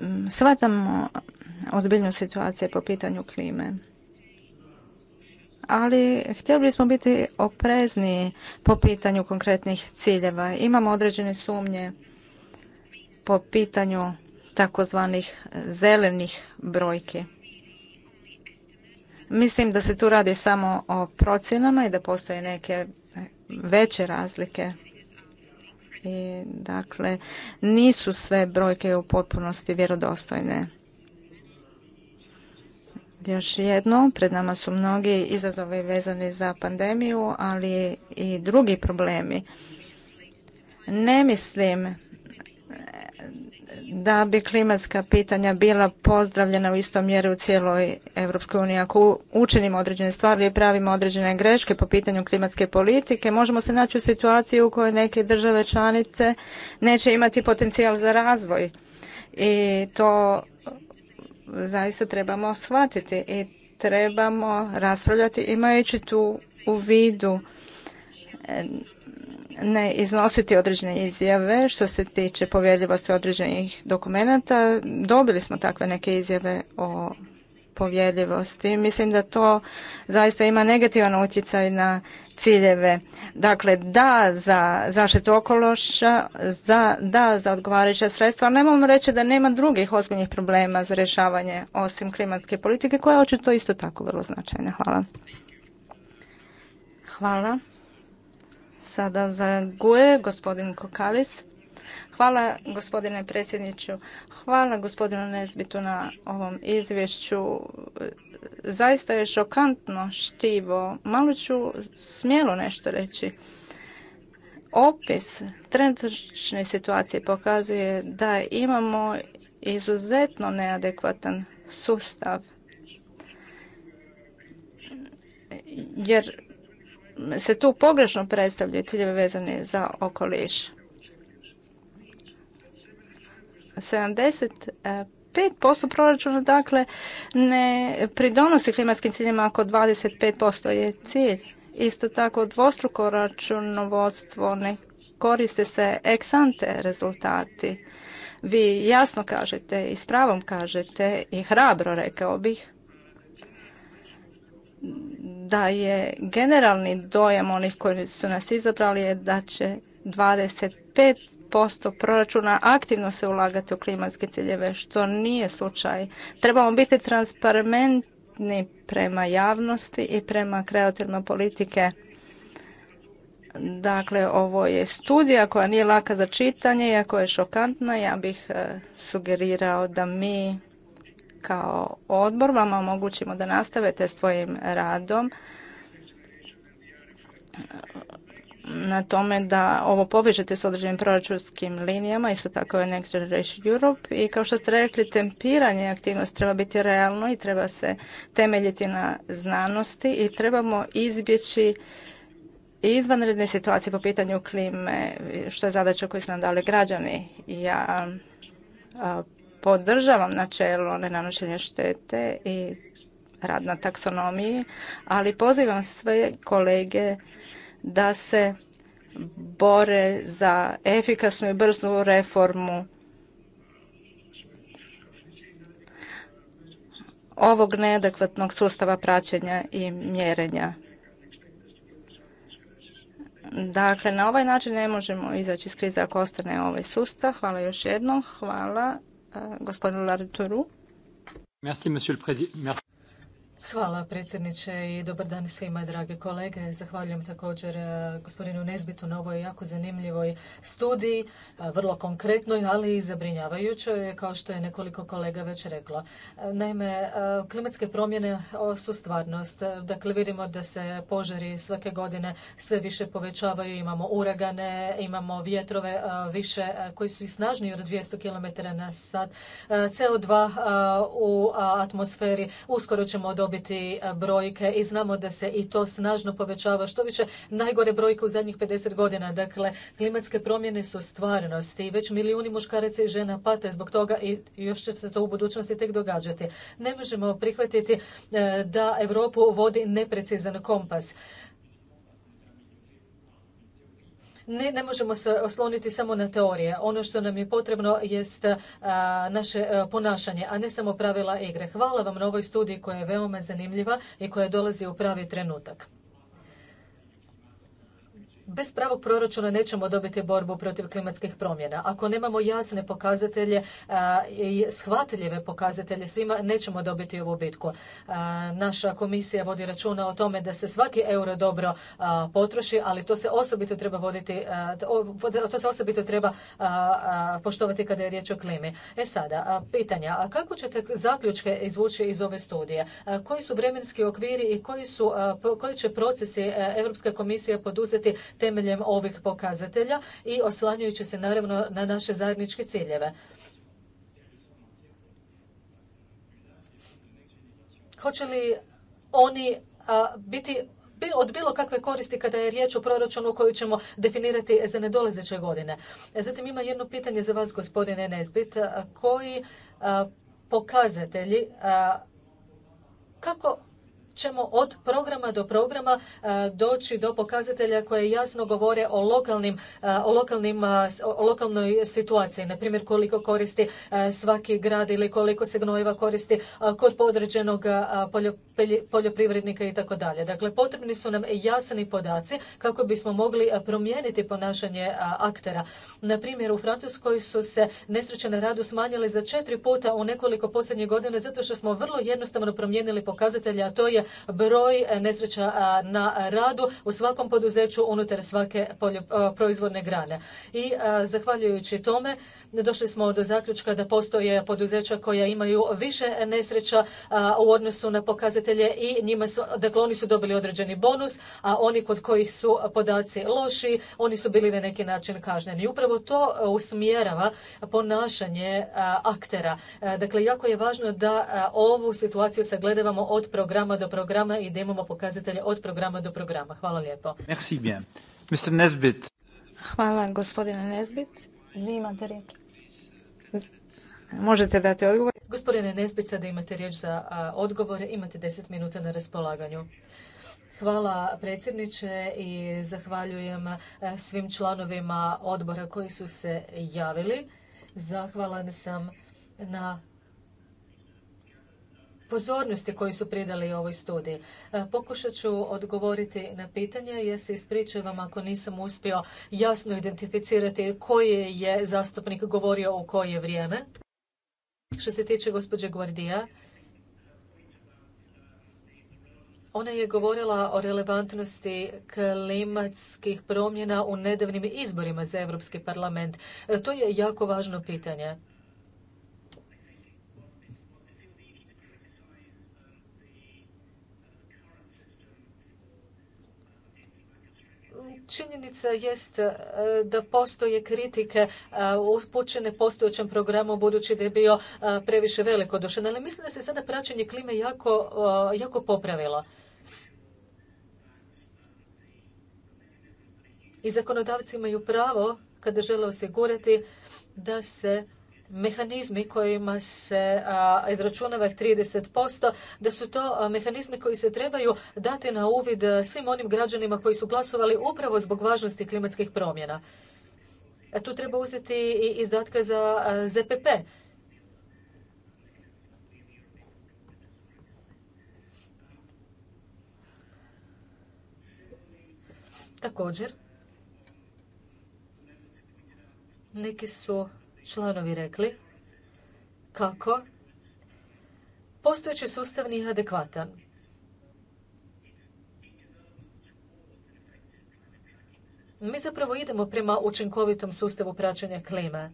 Mm, Svatamo ozbiljnu situaciju po pitanju klime ali htjeli bismo biti oprezni po pitanju konkretnih ciljeva. Imamo određene sumnje po pitanju takozvanih zelenih brojki. Mislim da se tu radi samo o procjenama i da postoje neke veće razlike. I, dakle, nisu sve brojke u potpunosti vjerodostojne još jedno, pred nama su mnogi izazovi vezani za pandemiju, ali i drugi problemi. Ne mislim eh, da bi klimatska pitanja bila pozdravljena u istom mjeri u cijeloj Europskoj uniji. Ako učinimo određene stvari i pravimo određene greške po pitanju klimatske politike, možemo se naći u situaciji u kojoj neke države članice neće imati potencijal za razvoj. I to zaista trebamo shvatiti i trebamo raspravljati imajući tu u vidu e, ne iznositi određene izjave što se tiče povjerljivosti određenih dokumenata. Dobili smo takve neke izjave o povjedljivosti. Mislim da to zaista ima negativan utjecaj na ciljeve. Dakle, da za zaštitu okološa, za, da za odgovarajuća sredstva, ali mogu reći da nema drugih ozbiljnih problema za rješavanje osim klimatske politike, koja je očito isto tako vrlo značajna. Hvala. Hvala. Sada za GUE, gospodin Kokalis. Hvala gospodine predsjedniču, hvala gospodinu Nezbitu na ovom izvješću. Zaista je šokantno štivo. Malo ću smjelo nešto reći. Opis trenutne situacije pokazuje da imamo izuzetno neadekvatan sustav. Jer se tu pogrešno predstavljaju ciljeve vezane za okoliš. 75% e, proračuna dakle ne pridonosi klimatskim ciljima ako 25% je cilj. Isto tako dvostruko računovodstvo ne koriste se eksante rezultati. Vi jasno kažete i s pravom kažete i hrabro rekao bih da je generalni dojam onih koji su nas izabrali je da će 25 posto proračuna aktivno se ulagati u klimatske ciljeve što nije slučaj trebamo biti transparentni prema javnosti i prema kreativima politike Dakle, ovo je studija koja nije laka za čitanje, iako je šokantna. Ja bih e, sugerirao da mi kao odbor vama omogućimo da nastavite svojim radom na tome da ovo povežete s određenim proračunskim linijama, isto tako je Next Generation Europe i kao što ste rekli, tempiranje aktivnosti treba biti realno i treba se temeljiti na znanosti i trebamo izbjeći izvanredne situacije po pitanju klime, što je zadaća koju su nam dali građani. Ja podržavam načelo nenanošenja štete i rad na taksonomiji, ali pozivam sve kolege da se bore za efikasnu i brzu reformu ovog neadekvatnog sustava praćenja i mjerenja. Dakle, na ovaj način ne možemo izaći iz krize ako ostane ovaj sustav. Hvala još jednom. Hvala eh, gospodinu Larituru. Merci, monsieur le président. Hvala predsjedniče i dobar dan svima drage kolege. Zahvaljujem također e, gospodinu Nezbitu na ovoj jako zanimljivoj studiji, e, vrlo konkretnoj, ali i zabrinjavajućoj, kao što je nekoliko kolega već reklo. E, naime, klimatske promjene su stvarnost. Dakle, vidimo da se požari svake godine sve više povećavaju, imamo uragane, imamo vjetrove više koji su i snažniji od 200 km na sat. CO2 u atmosferi uskoro ćemo dobiti ti e, brojke i znamo da se i to snažno povećava. Što više, najgore brojke u zadnjih 50 godina. Dakle, klimatske promjene su stvarnost i već milijuni muškaraca i žena pate zbog toga i još će se to u budućnosti tek događati. Ne možemo prihvatiti e, da Europu vodi neprecizan kompas. Ne, ne možemo se osloniti samo na teorije. Ono što nam je potrebno jest naše e, ponašanje, a ne samo pravila igre. Hvala vam na ovoj studiji koja je veoma zanimljiva i koja dolazi u pravi trenutak bez pravog proračuna nećemo dobiti borbu protiv klimatskih promjena. Ako nemamo jasne pokazatelje e, i shvatljive pokazatelje svima, nećemo dobiti ovu bitku. E, naša komisija vodi računa o tome da se svaki euro dobro e, potroši, ali to se osobito treba voditi, to se osobito treba poštovati kada je riječ o klimi. E sada, pitanja, a kako ćete zaključke izvući iz ove studije? Koji su vremenski okviri i koji, su, će procesi Europska komisija poduzeti temeljem ovih pokazatelja i oslanjujući se naravno na naše zajedničke ciljeve. Hoće li oni biti od bilo kakve koristi kada je riječ o proračunu koju ćemo definirati za nedolazeće godine. E, zatim ima jedno pitanje za vas, gospodine Nesbit, koji pokazatelji, kako ćemo od programa do programa e, doći do pokazatelja koje jasno govore o lokalnim, e, e, o lokalnoj situaciji. Na primjer, koliko koristi svaki grad ili koliko se gnojiva koristi kod podređenog poljoprivrednika i tako dalje. Dakle, potrebni su nam jasni podaci kako bismo mogli promijeniti ponašanje aktera. Na primjer, u Francuskoj su se nesreće na radu smanjile za četiri puta u nekoliko posljednjih godina zato što smo vrlo jednostavno promijenili pokazatelje, a to je broj nesreća na radu u svakom poduzeću unutar svake proizvodne grane. I zahvaljujući tome došli smo do zaključka da postoje poduzeća koja imaju više nesreća u odnosu na pokazatelje i njima su, dakle oni su dobili određeni bonus, a oni kod kojih su podaci loši, oni su bili na neki način kažnjeni. Upravo to usmjerava ponašanje aktera. Dakle, jako je važno da ovu situaciju sagledavamo od programa do programa i da imamo pokazatelje od programa do programa. Hvala lijepo. Merci bien. Hvala gospodine Nesbit. Vi imate Možete dati odgovor. Gospodine Nesbica, da imate riječ za odgovore, imate 10 minuta na raspolaganju. Hvala predsjedniče i zahvaljujem svim članovima odbora koji su se javili. Zahvalan sam na pozornosti koju su pridali ovoj studiji. Pokušat ću odgovoriti na pitanje, jer se ispričavam ako nisam uspio jasno identificirati koji je zastupnik govorio u koje vrijeme. Što se tiče gospođe Guardija, ona je govorila o relevantnosti klimatskih promjena u nedavnim izborima za Europski parlament. E, to je jako važno pitanje. Činjenica jest e, da postoje kritike e, upućene postojećem programu budući da je bio e, previše velikodušan, ali mislim da se sada praćenje klime jako, jako popravilo. I zakonodavci imaju pravo kada žele osigurati da se mehanizmi kojima se izračunava 30%, da su to mehanizmi koji se trebaju dati na uvid svim onim građanima koji su glasovali upravo zbog važnosti klimatskih promjena. E, tu treba uzeti i izdatke za ZPP. Također, neki su članovi rekli kako postojeći sustav nije adekvatan. Mi zapravo idemo prema učinkovitom sustavu praćenja klime.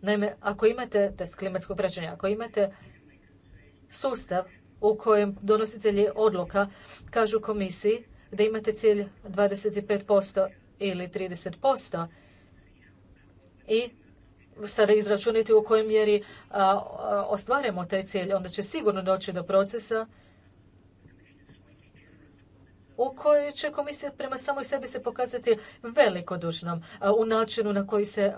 Naime, ako imate, to klimatsko praćenje, ako imate sustav u kojem donositelji odluka kažu komisiji da imate cilj 25% ili 30%, i sada izračunati u kojoj mjeri ostvarimo taj cilj, onda će sigurno doći do procesa u kojoj će komisija prema samoj sebi se pokazati velikodušnom u načinu na koji se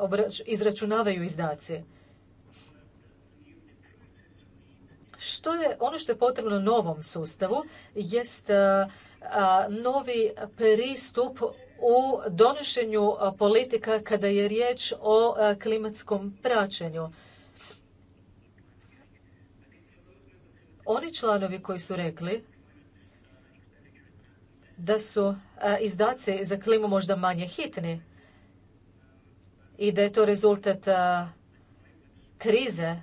izračunavaju izdaci. Što je, ono što je potrebno novom sustavu jest novi pristup u donošenju politika kada je riječ o klimatskom praćenju. Oni članovi koji su rekli da su izdaci za klimu možda manje hitni i da je to rezultat krize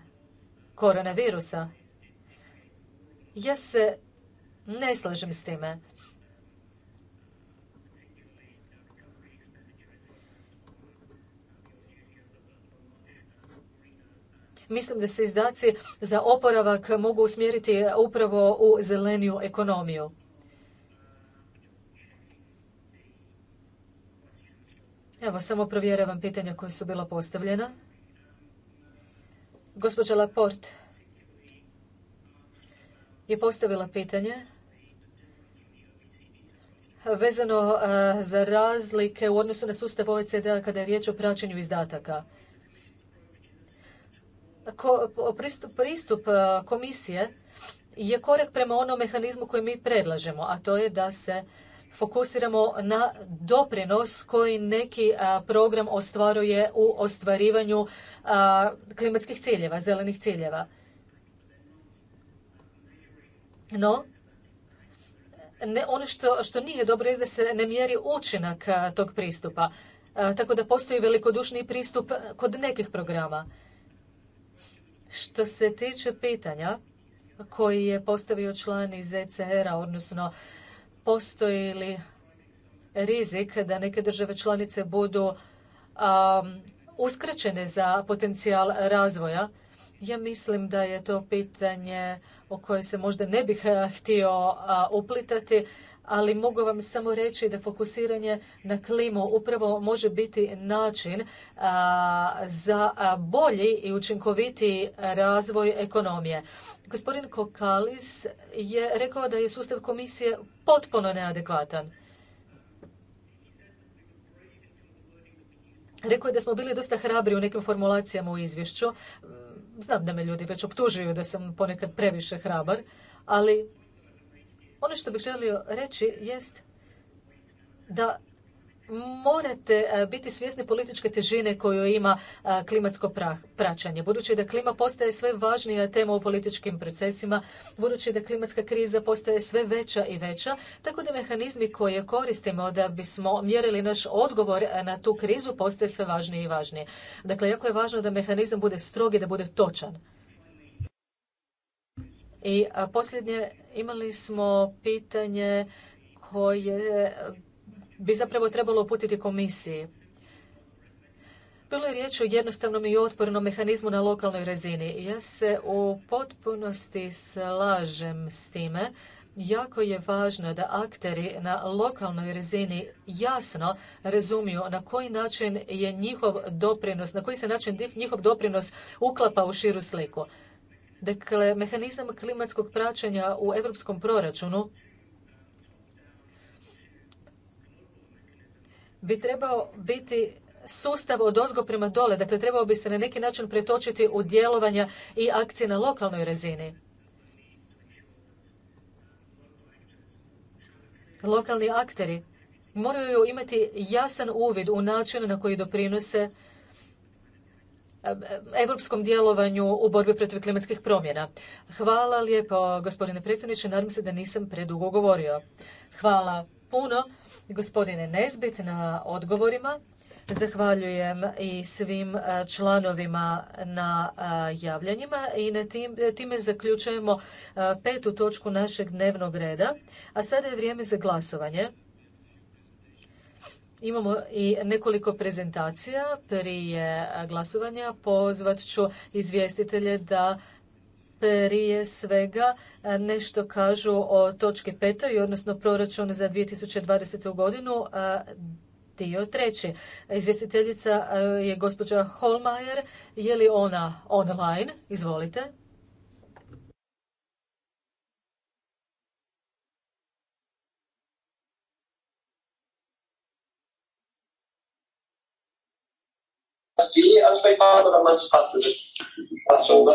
koronavirusa. Ja se ne slažem s time. Mislim da se izdaci za oporavak mogu usmjeriti upravo u zeleniju ekonomiju. Evo, samo provjeravam pitanja koja su bila postavljena. Gospođa Laporte je postavila pitanje vezano eh, za razlike u odnosu na sustav OECD-a kada je riječ o praćenju izdataka pristup e, komisije je korak prema onom mehanizmu koji mi predlažemo, a to je da se fokusiramo na doprinos koji neki e, program ostvaruje u ostvarivanju e, klimatskih ciljeva, zelenih ciljeva. No, ono što, što nije dobro je da se ne mjeri učinak tog pristupa, tako da postoji velikodušni pristup kod nekih programa. Što se tiče pitanja koji je postavio član iz ECR-a, odnosno postoji li rizik da neke države članice budu uskraćene za potencijal razvoja, ja mislim da je to pitanje o kojem se možda ne bih htio uplitati, ali mogu vam samo reći da fokusiranje na klimu upravo može biti način za bolji i učinkoviti razvoj ekonomije. Gospodin Kokalis je rekao da je sustav komisije potpuno neadekvatan. Rekao je da smo bili dosta hrabri u nekim formulacijama u izvješću. Znam da me ljudi već optužuju da sam ponekad previše hrabar, ali ono što bih želio reći jest da morate e, biti svjesni političke težine koju ima e, klimatsko praćanje. Budući da klima postaje sve važnija tema u političkim procesima, budući da klimatska kriza postaje sve veća i veća, tako da mehanizmi koje koristimo da bismo mjerili naš odgovor e, na tu krizu postaje sve važnije i važnije. Dakle, jako je važno da mehanizam bude strog i da bude točan. I posljednje imali smo pitanje koje e, bi zapravo trebalo uputiti komisiji. Bilo je riječ o jednostavnom i otpornom mehanizmu na lokalnoj razini. Ja se u potpunosti slažem s time. Jako je važno da akteri na lokalnoj razini jasno razumiju na koji način je njihov doprinos, na koji se način njihov doprinos uklapa u širu sliku. Dakle, mehanizam klimatskog praćenja u europskom proračunu bi trebao biti sustav od ozgo prema dole. Dakle, trebao bi se na neki način pretočiti u djelovanja i akcije na lokalnoj razini. Lokalni akteri moraju imati jasan uvid u način na koji doprinose europskom eh, djelovanju u borbi protiv klimatskih promjena. Hvala lijepo, gospodine predsjedniče. Nadam se da nisam predugo govorio. Hvala puno, gospodine Nezbit, na odgovorima. Zahvaljujem i svim eh, članovima na eh, javljanjima i na tim, time zaključujemo petu točku našeg dnevnog reda. A sada je vrijeme za glasovanje. Imamo i nekoliko prezentacija prije glasovanja. Pozvat ću izvjestitelje da prije svega e, nešto kažu o točki petoj, odnosno proračun za 2020. godinu, e, dio treći. Izvjestiteljica e, je gospođa Holmajer. Je li ona online? Izvolite. ansprechbar oder passt Passt schon,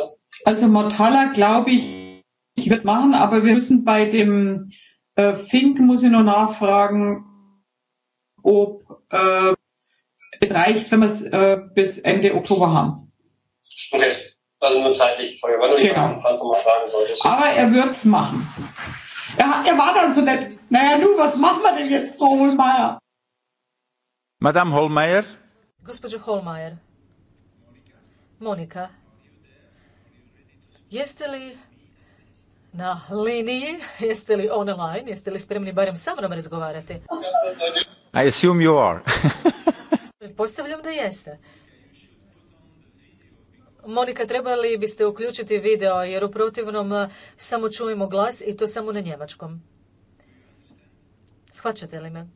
Also Mortala, glaube ich, ich würde es machen, aber wir müssen bei dem äh, Fink, muss ich noch nachfragen, ob äh, es reicht, wenn wir es äh, bis Ende Oktober haben. Okay, also nur zeitlich. Weil du genau. Fragen, fragen solltest. Aber er wird es machen. Er, er war dann so nett. Naja, du, was machen wir denn jetzt, Frau Holmeier? Madame Holmeier? Gospođo Holmajer, Monika, jeste li na liniji, jeste li online, jeste li spremni barem sa mnom razgovarati? I you are. Pretpostavljam da jeste. Monika, trebali biste uključiti video, jer u protivnom samo čujemo glas i to samo na njemačkom. Shvaćate li me?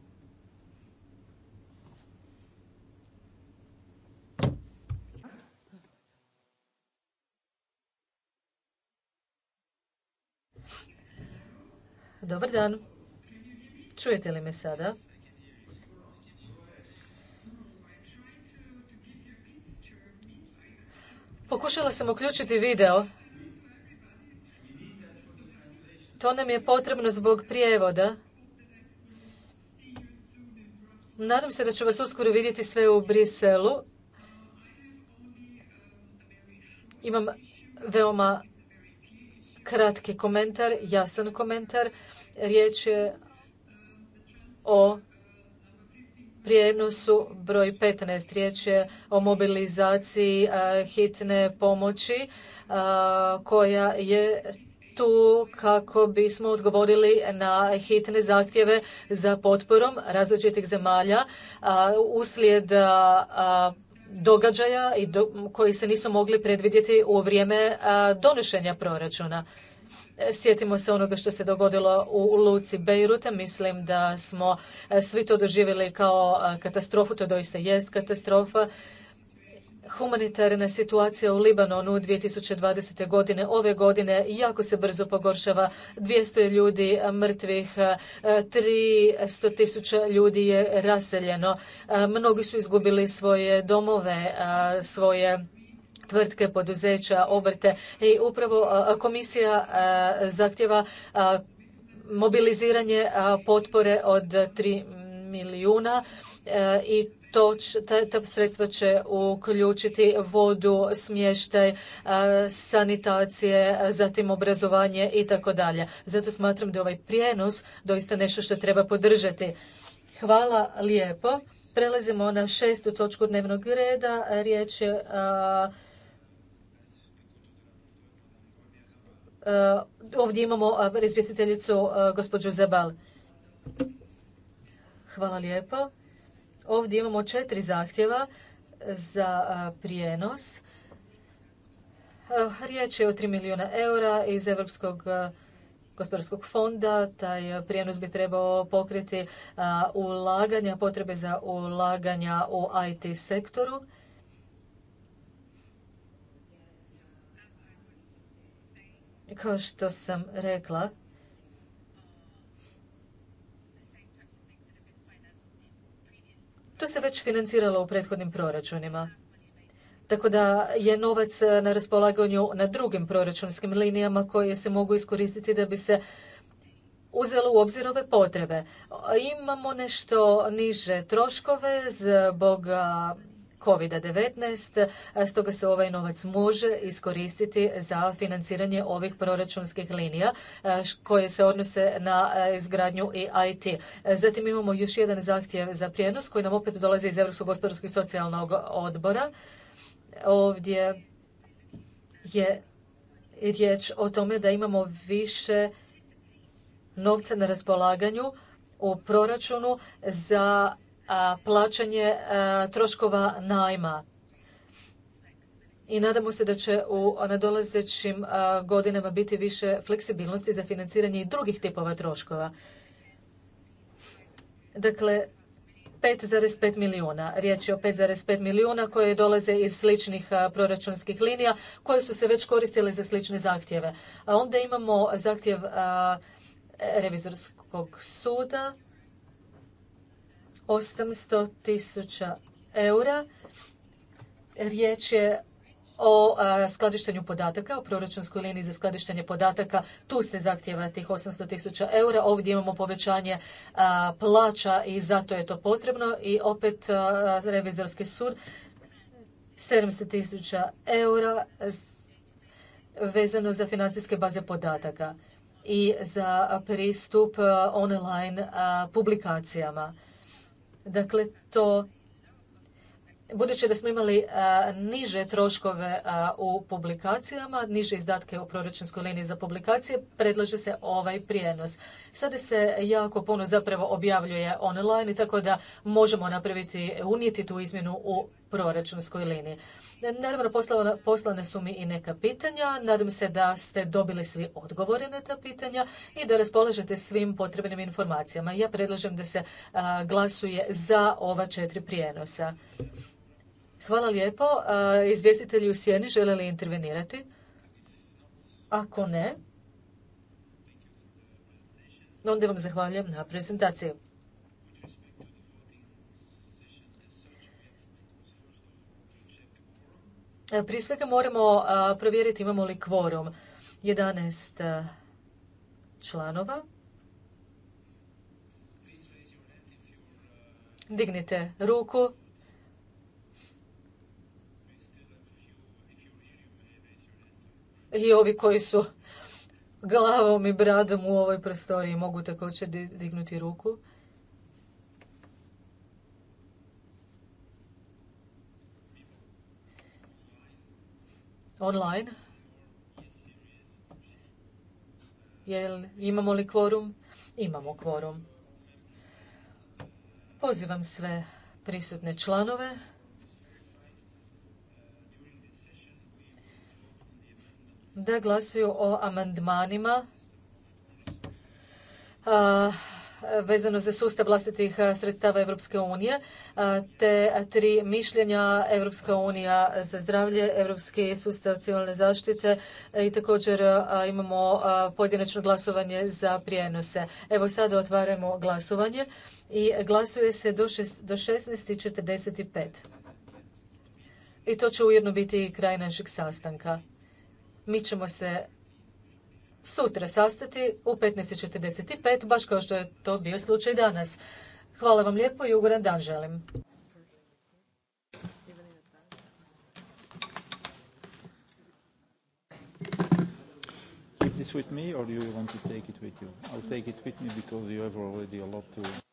Dobar dan. Čujete li me sada? Pokušala sam uključiti video. To nam je potrebno zbog prijevoda. Nadam se da ću vas uskoro vidjeti sve u Briselu. Imam veoma Kratki komentar, jasan komentar. Riječ je o prijenosu broj 15. Riječ je o mobilizaciji hitne pomoći koja je tu kako bismo odgovorili na hitne zahtjeve za potporom različitih zemalja uslijed događaja i koji se nisu mogli predvidjeti u vrijeme donošenja proračuna. E, sjetimo se onoga što se dogodilo u Luci Beirute. Mislim da smo e, svi to doživjeli kao katastrofu. To doista jest katastrofa humanitarna situacija u Libanonu 2020. godine ove godine jako se brzo pogoršava. 200 ljudi eh, mrtvih, 300 eh, tisuća ljudi je raseljeno. Eh, mnogi su izgubili svoje domove, svoje tvrtke, poduzeća, obrte i upravo komisija zahtjeva mobiliziranje potpore od 3 milijuna i toč, ta, sredstva će uključiti vodu, smještaj, sanitacije, zatim obrazovanje i tako dalje. Zato smatram da ovaj prijenos doista nešto što treba podržati. Hvala lijepo. Prelazimo na šestu točku dnevnog reda. Riječ je ovdje imamo izvjestiteljicu gospođu Zabal. Hvala lijepo. Ovdje imamo četiri zahtjeva za prijenos. Riječ je o 3 milijuna eura iz Europskog gospodarskog fonda. Taj prijenos bi trebao pokriti ulaganja, potrebe za ulaganja u IT sektoru. Kao što sam rekla, To se već financiralo u prethodnim proračunima. Tako da je novac eh, na raspolaganju na drugim proračunskim linijama koje se mogu iskoristiti da bi se uzelo u obzir ove potrebe. Imamo nešto niže troškove zbog eh, COVID-19, stoga se ovaj novac može iskoristiti za financiranje ovih proračunskih linija koje se odnose na izgradnju i IT. Zatim imamo još jedan zahtjev za prijenos koji nam opet dolazi iz Europskog gospodarskog i socijalnog odbora. Ovdje je riječ o tome da imamo više novca na raspolaganju u proračunu za plaćanje e, troškova najma. I nadamo se da će u nadolazećim e, godinama biti više fleksibilnosti za financiranje i drugih tipova troškova. Dakle, 5,5 milijuna. Riječ je o 5,5 milijuna koje dolaze iz sličnih e, proračunskih linija koje su se već koristile za slične zahtjeve. A onda imamo zahtjev revizorskog suda 800 tisuća eura. Riječ je o skladištenju podataka, o proračunskoj liniji za skladištenje podataka. Tu se zahtjeva tih 800 tisuća eura. Ovdje imamo povećanje plaća i zato je to potrebno. I opet revizorski sud 700 tisuća eura vezano za financijske baze podataka i za pristup online publikacijama. Dakle, to Budući da smo imali niže troškove u publikacijama, niže izdatke u proračunskoj liniji za publikacije, predlaže se ovaj prijenos. Sada se jako puno zapravo objavljuje online, tako da možemo napraviti, unijeti tu izmjenu u proračunskoj liniji. Naravno, poslane su mi i neka pitanja. Nadam se da ste dobili svi odgovore na ta pitanja i da raspolažete svim potrebnim informacijama. Ja predlažem da se glasuje za ova četiri prijenosa. Hvala lijepo. Izvjestitelji u sjeni žele li intervenirati? Ako ne, Onda vam zahvaljujem na prezentaciju. E, prije svega moramo provjeriti imamo li kvorum. 11 članova. Dignite ruku. I ovi koji su glavom i bradom u ovoj prostoriji mogu također dignuti ruku. Online. imamo li kvorum? Imamo kvorum. Pozivam sve prisutne članove da glasuju o amandmanima vezano za sustav vlastitih sredstava Europske unije, te tri mišljenja Europska unija za zdravlje, Europski sustav civilne zaštite i također imamo pojedinačno glasovanje za prijenose. Evo sada otvaramo glasovanje i glasuje se do 16.45. I to će ujedno biti kraj našeg sastanka. Mi ćemo se sutra sastati u 15.45, baš kao što je to bio slučaj danas. Hvala vam lijepo i ugodan dan želim. Keep this with me or do you want to take it with you? I'll take it with me because you have already a lot to...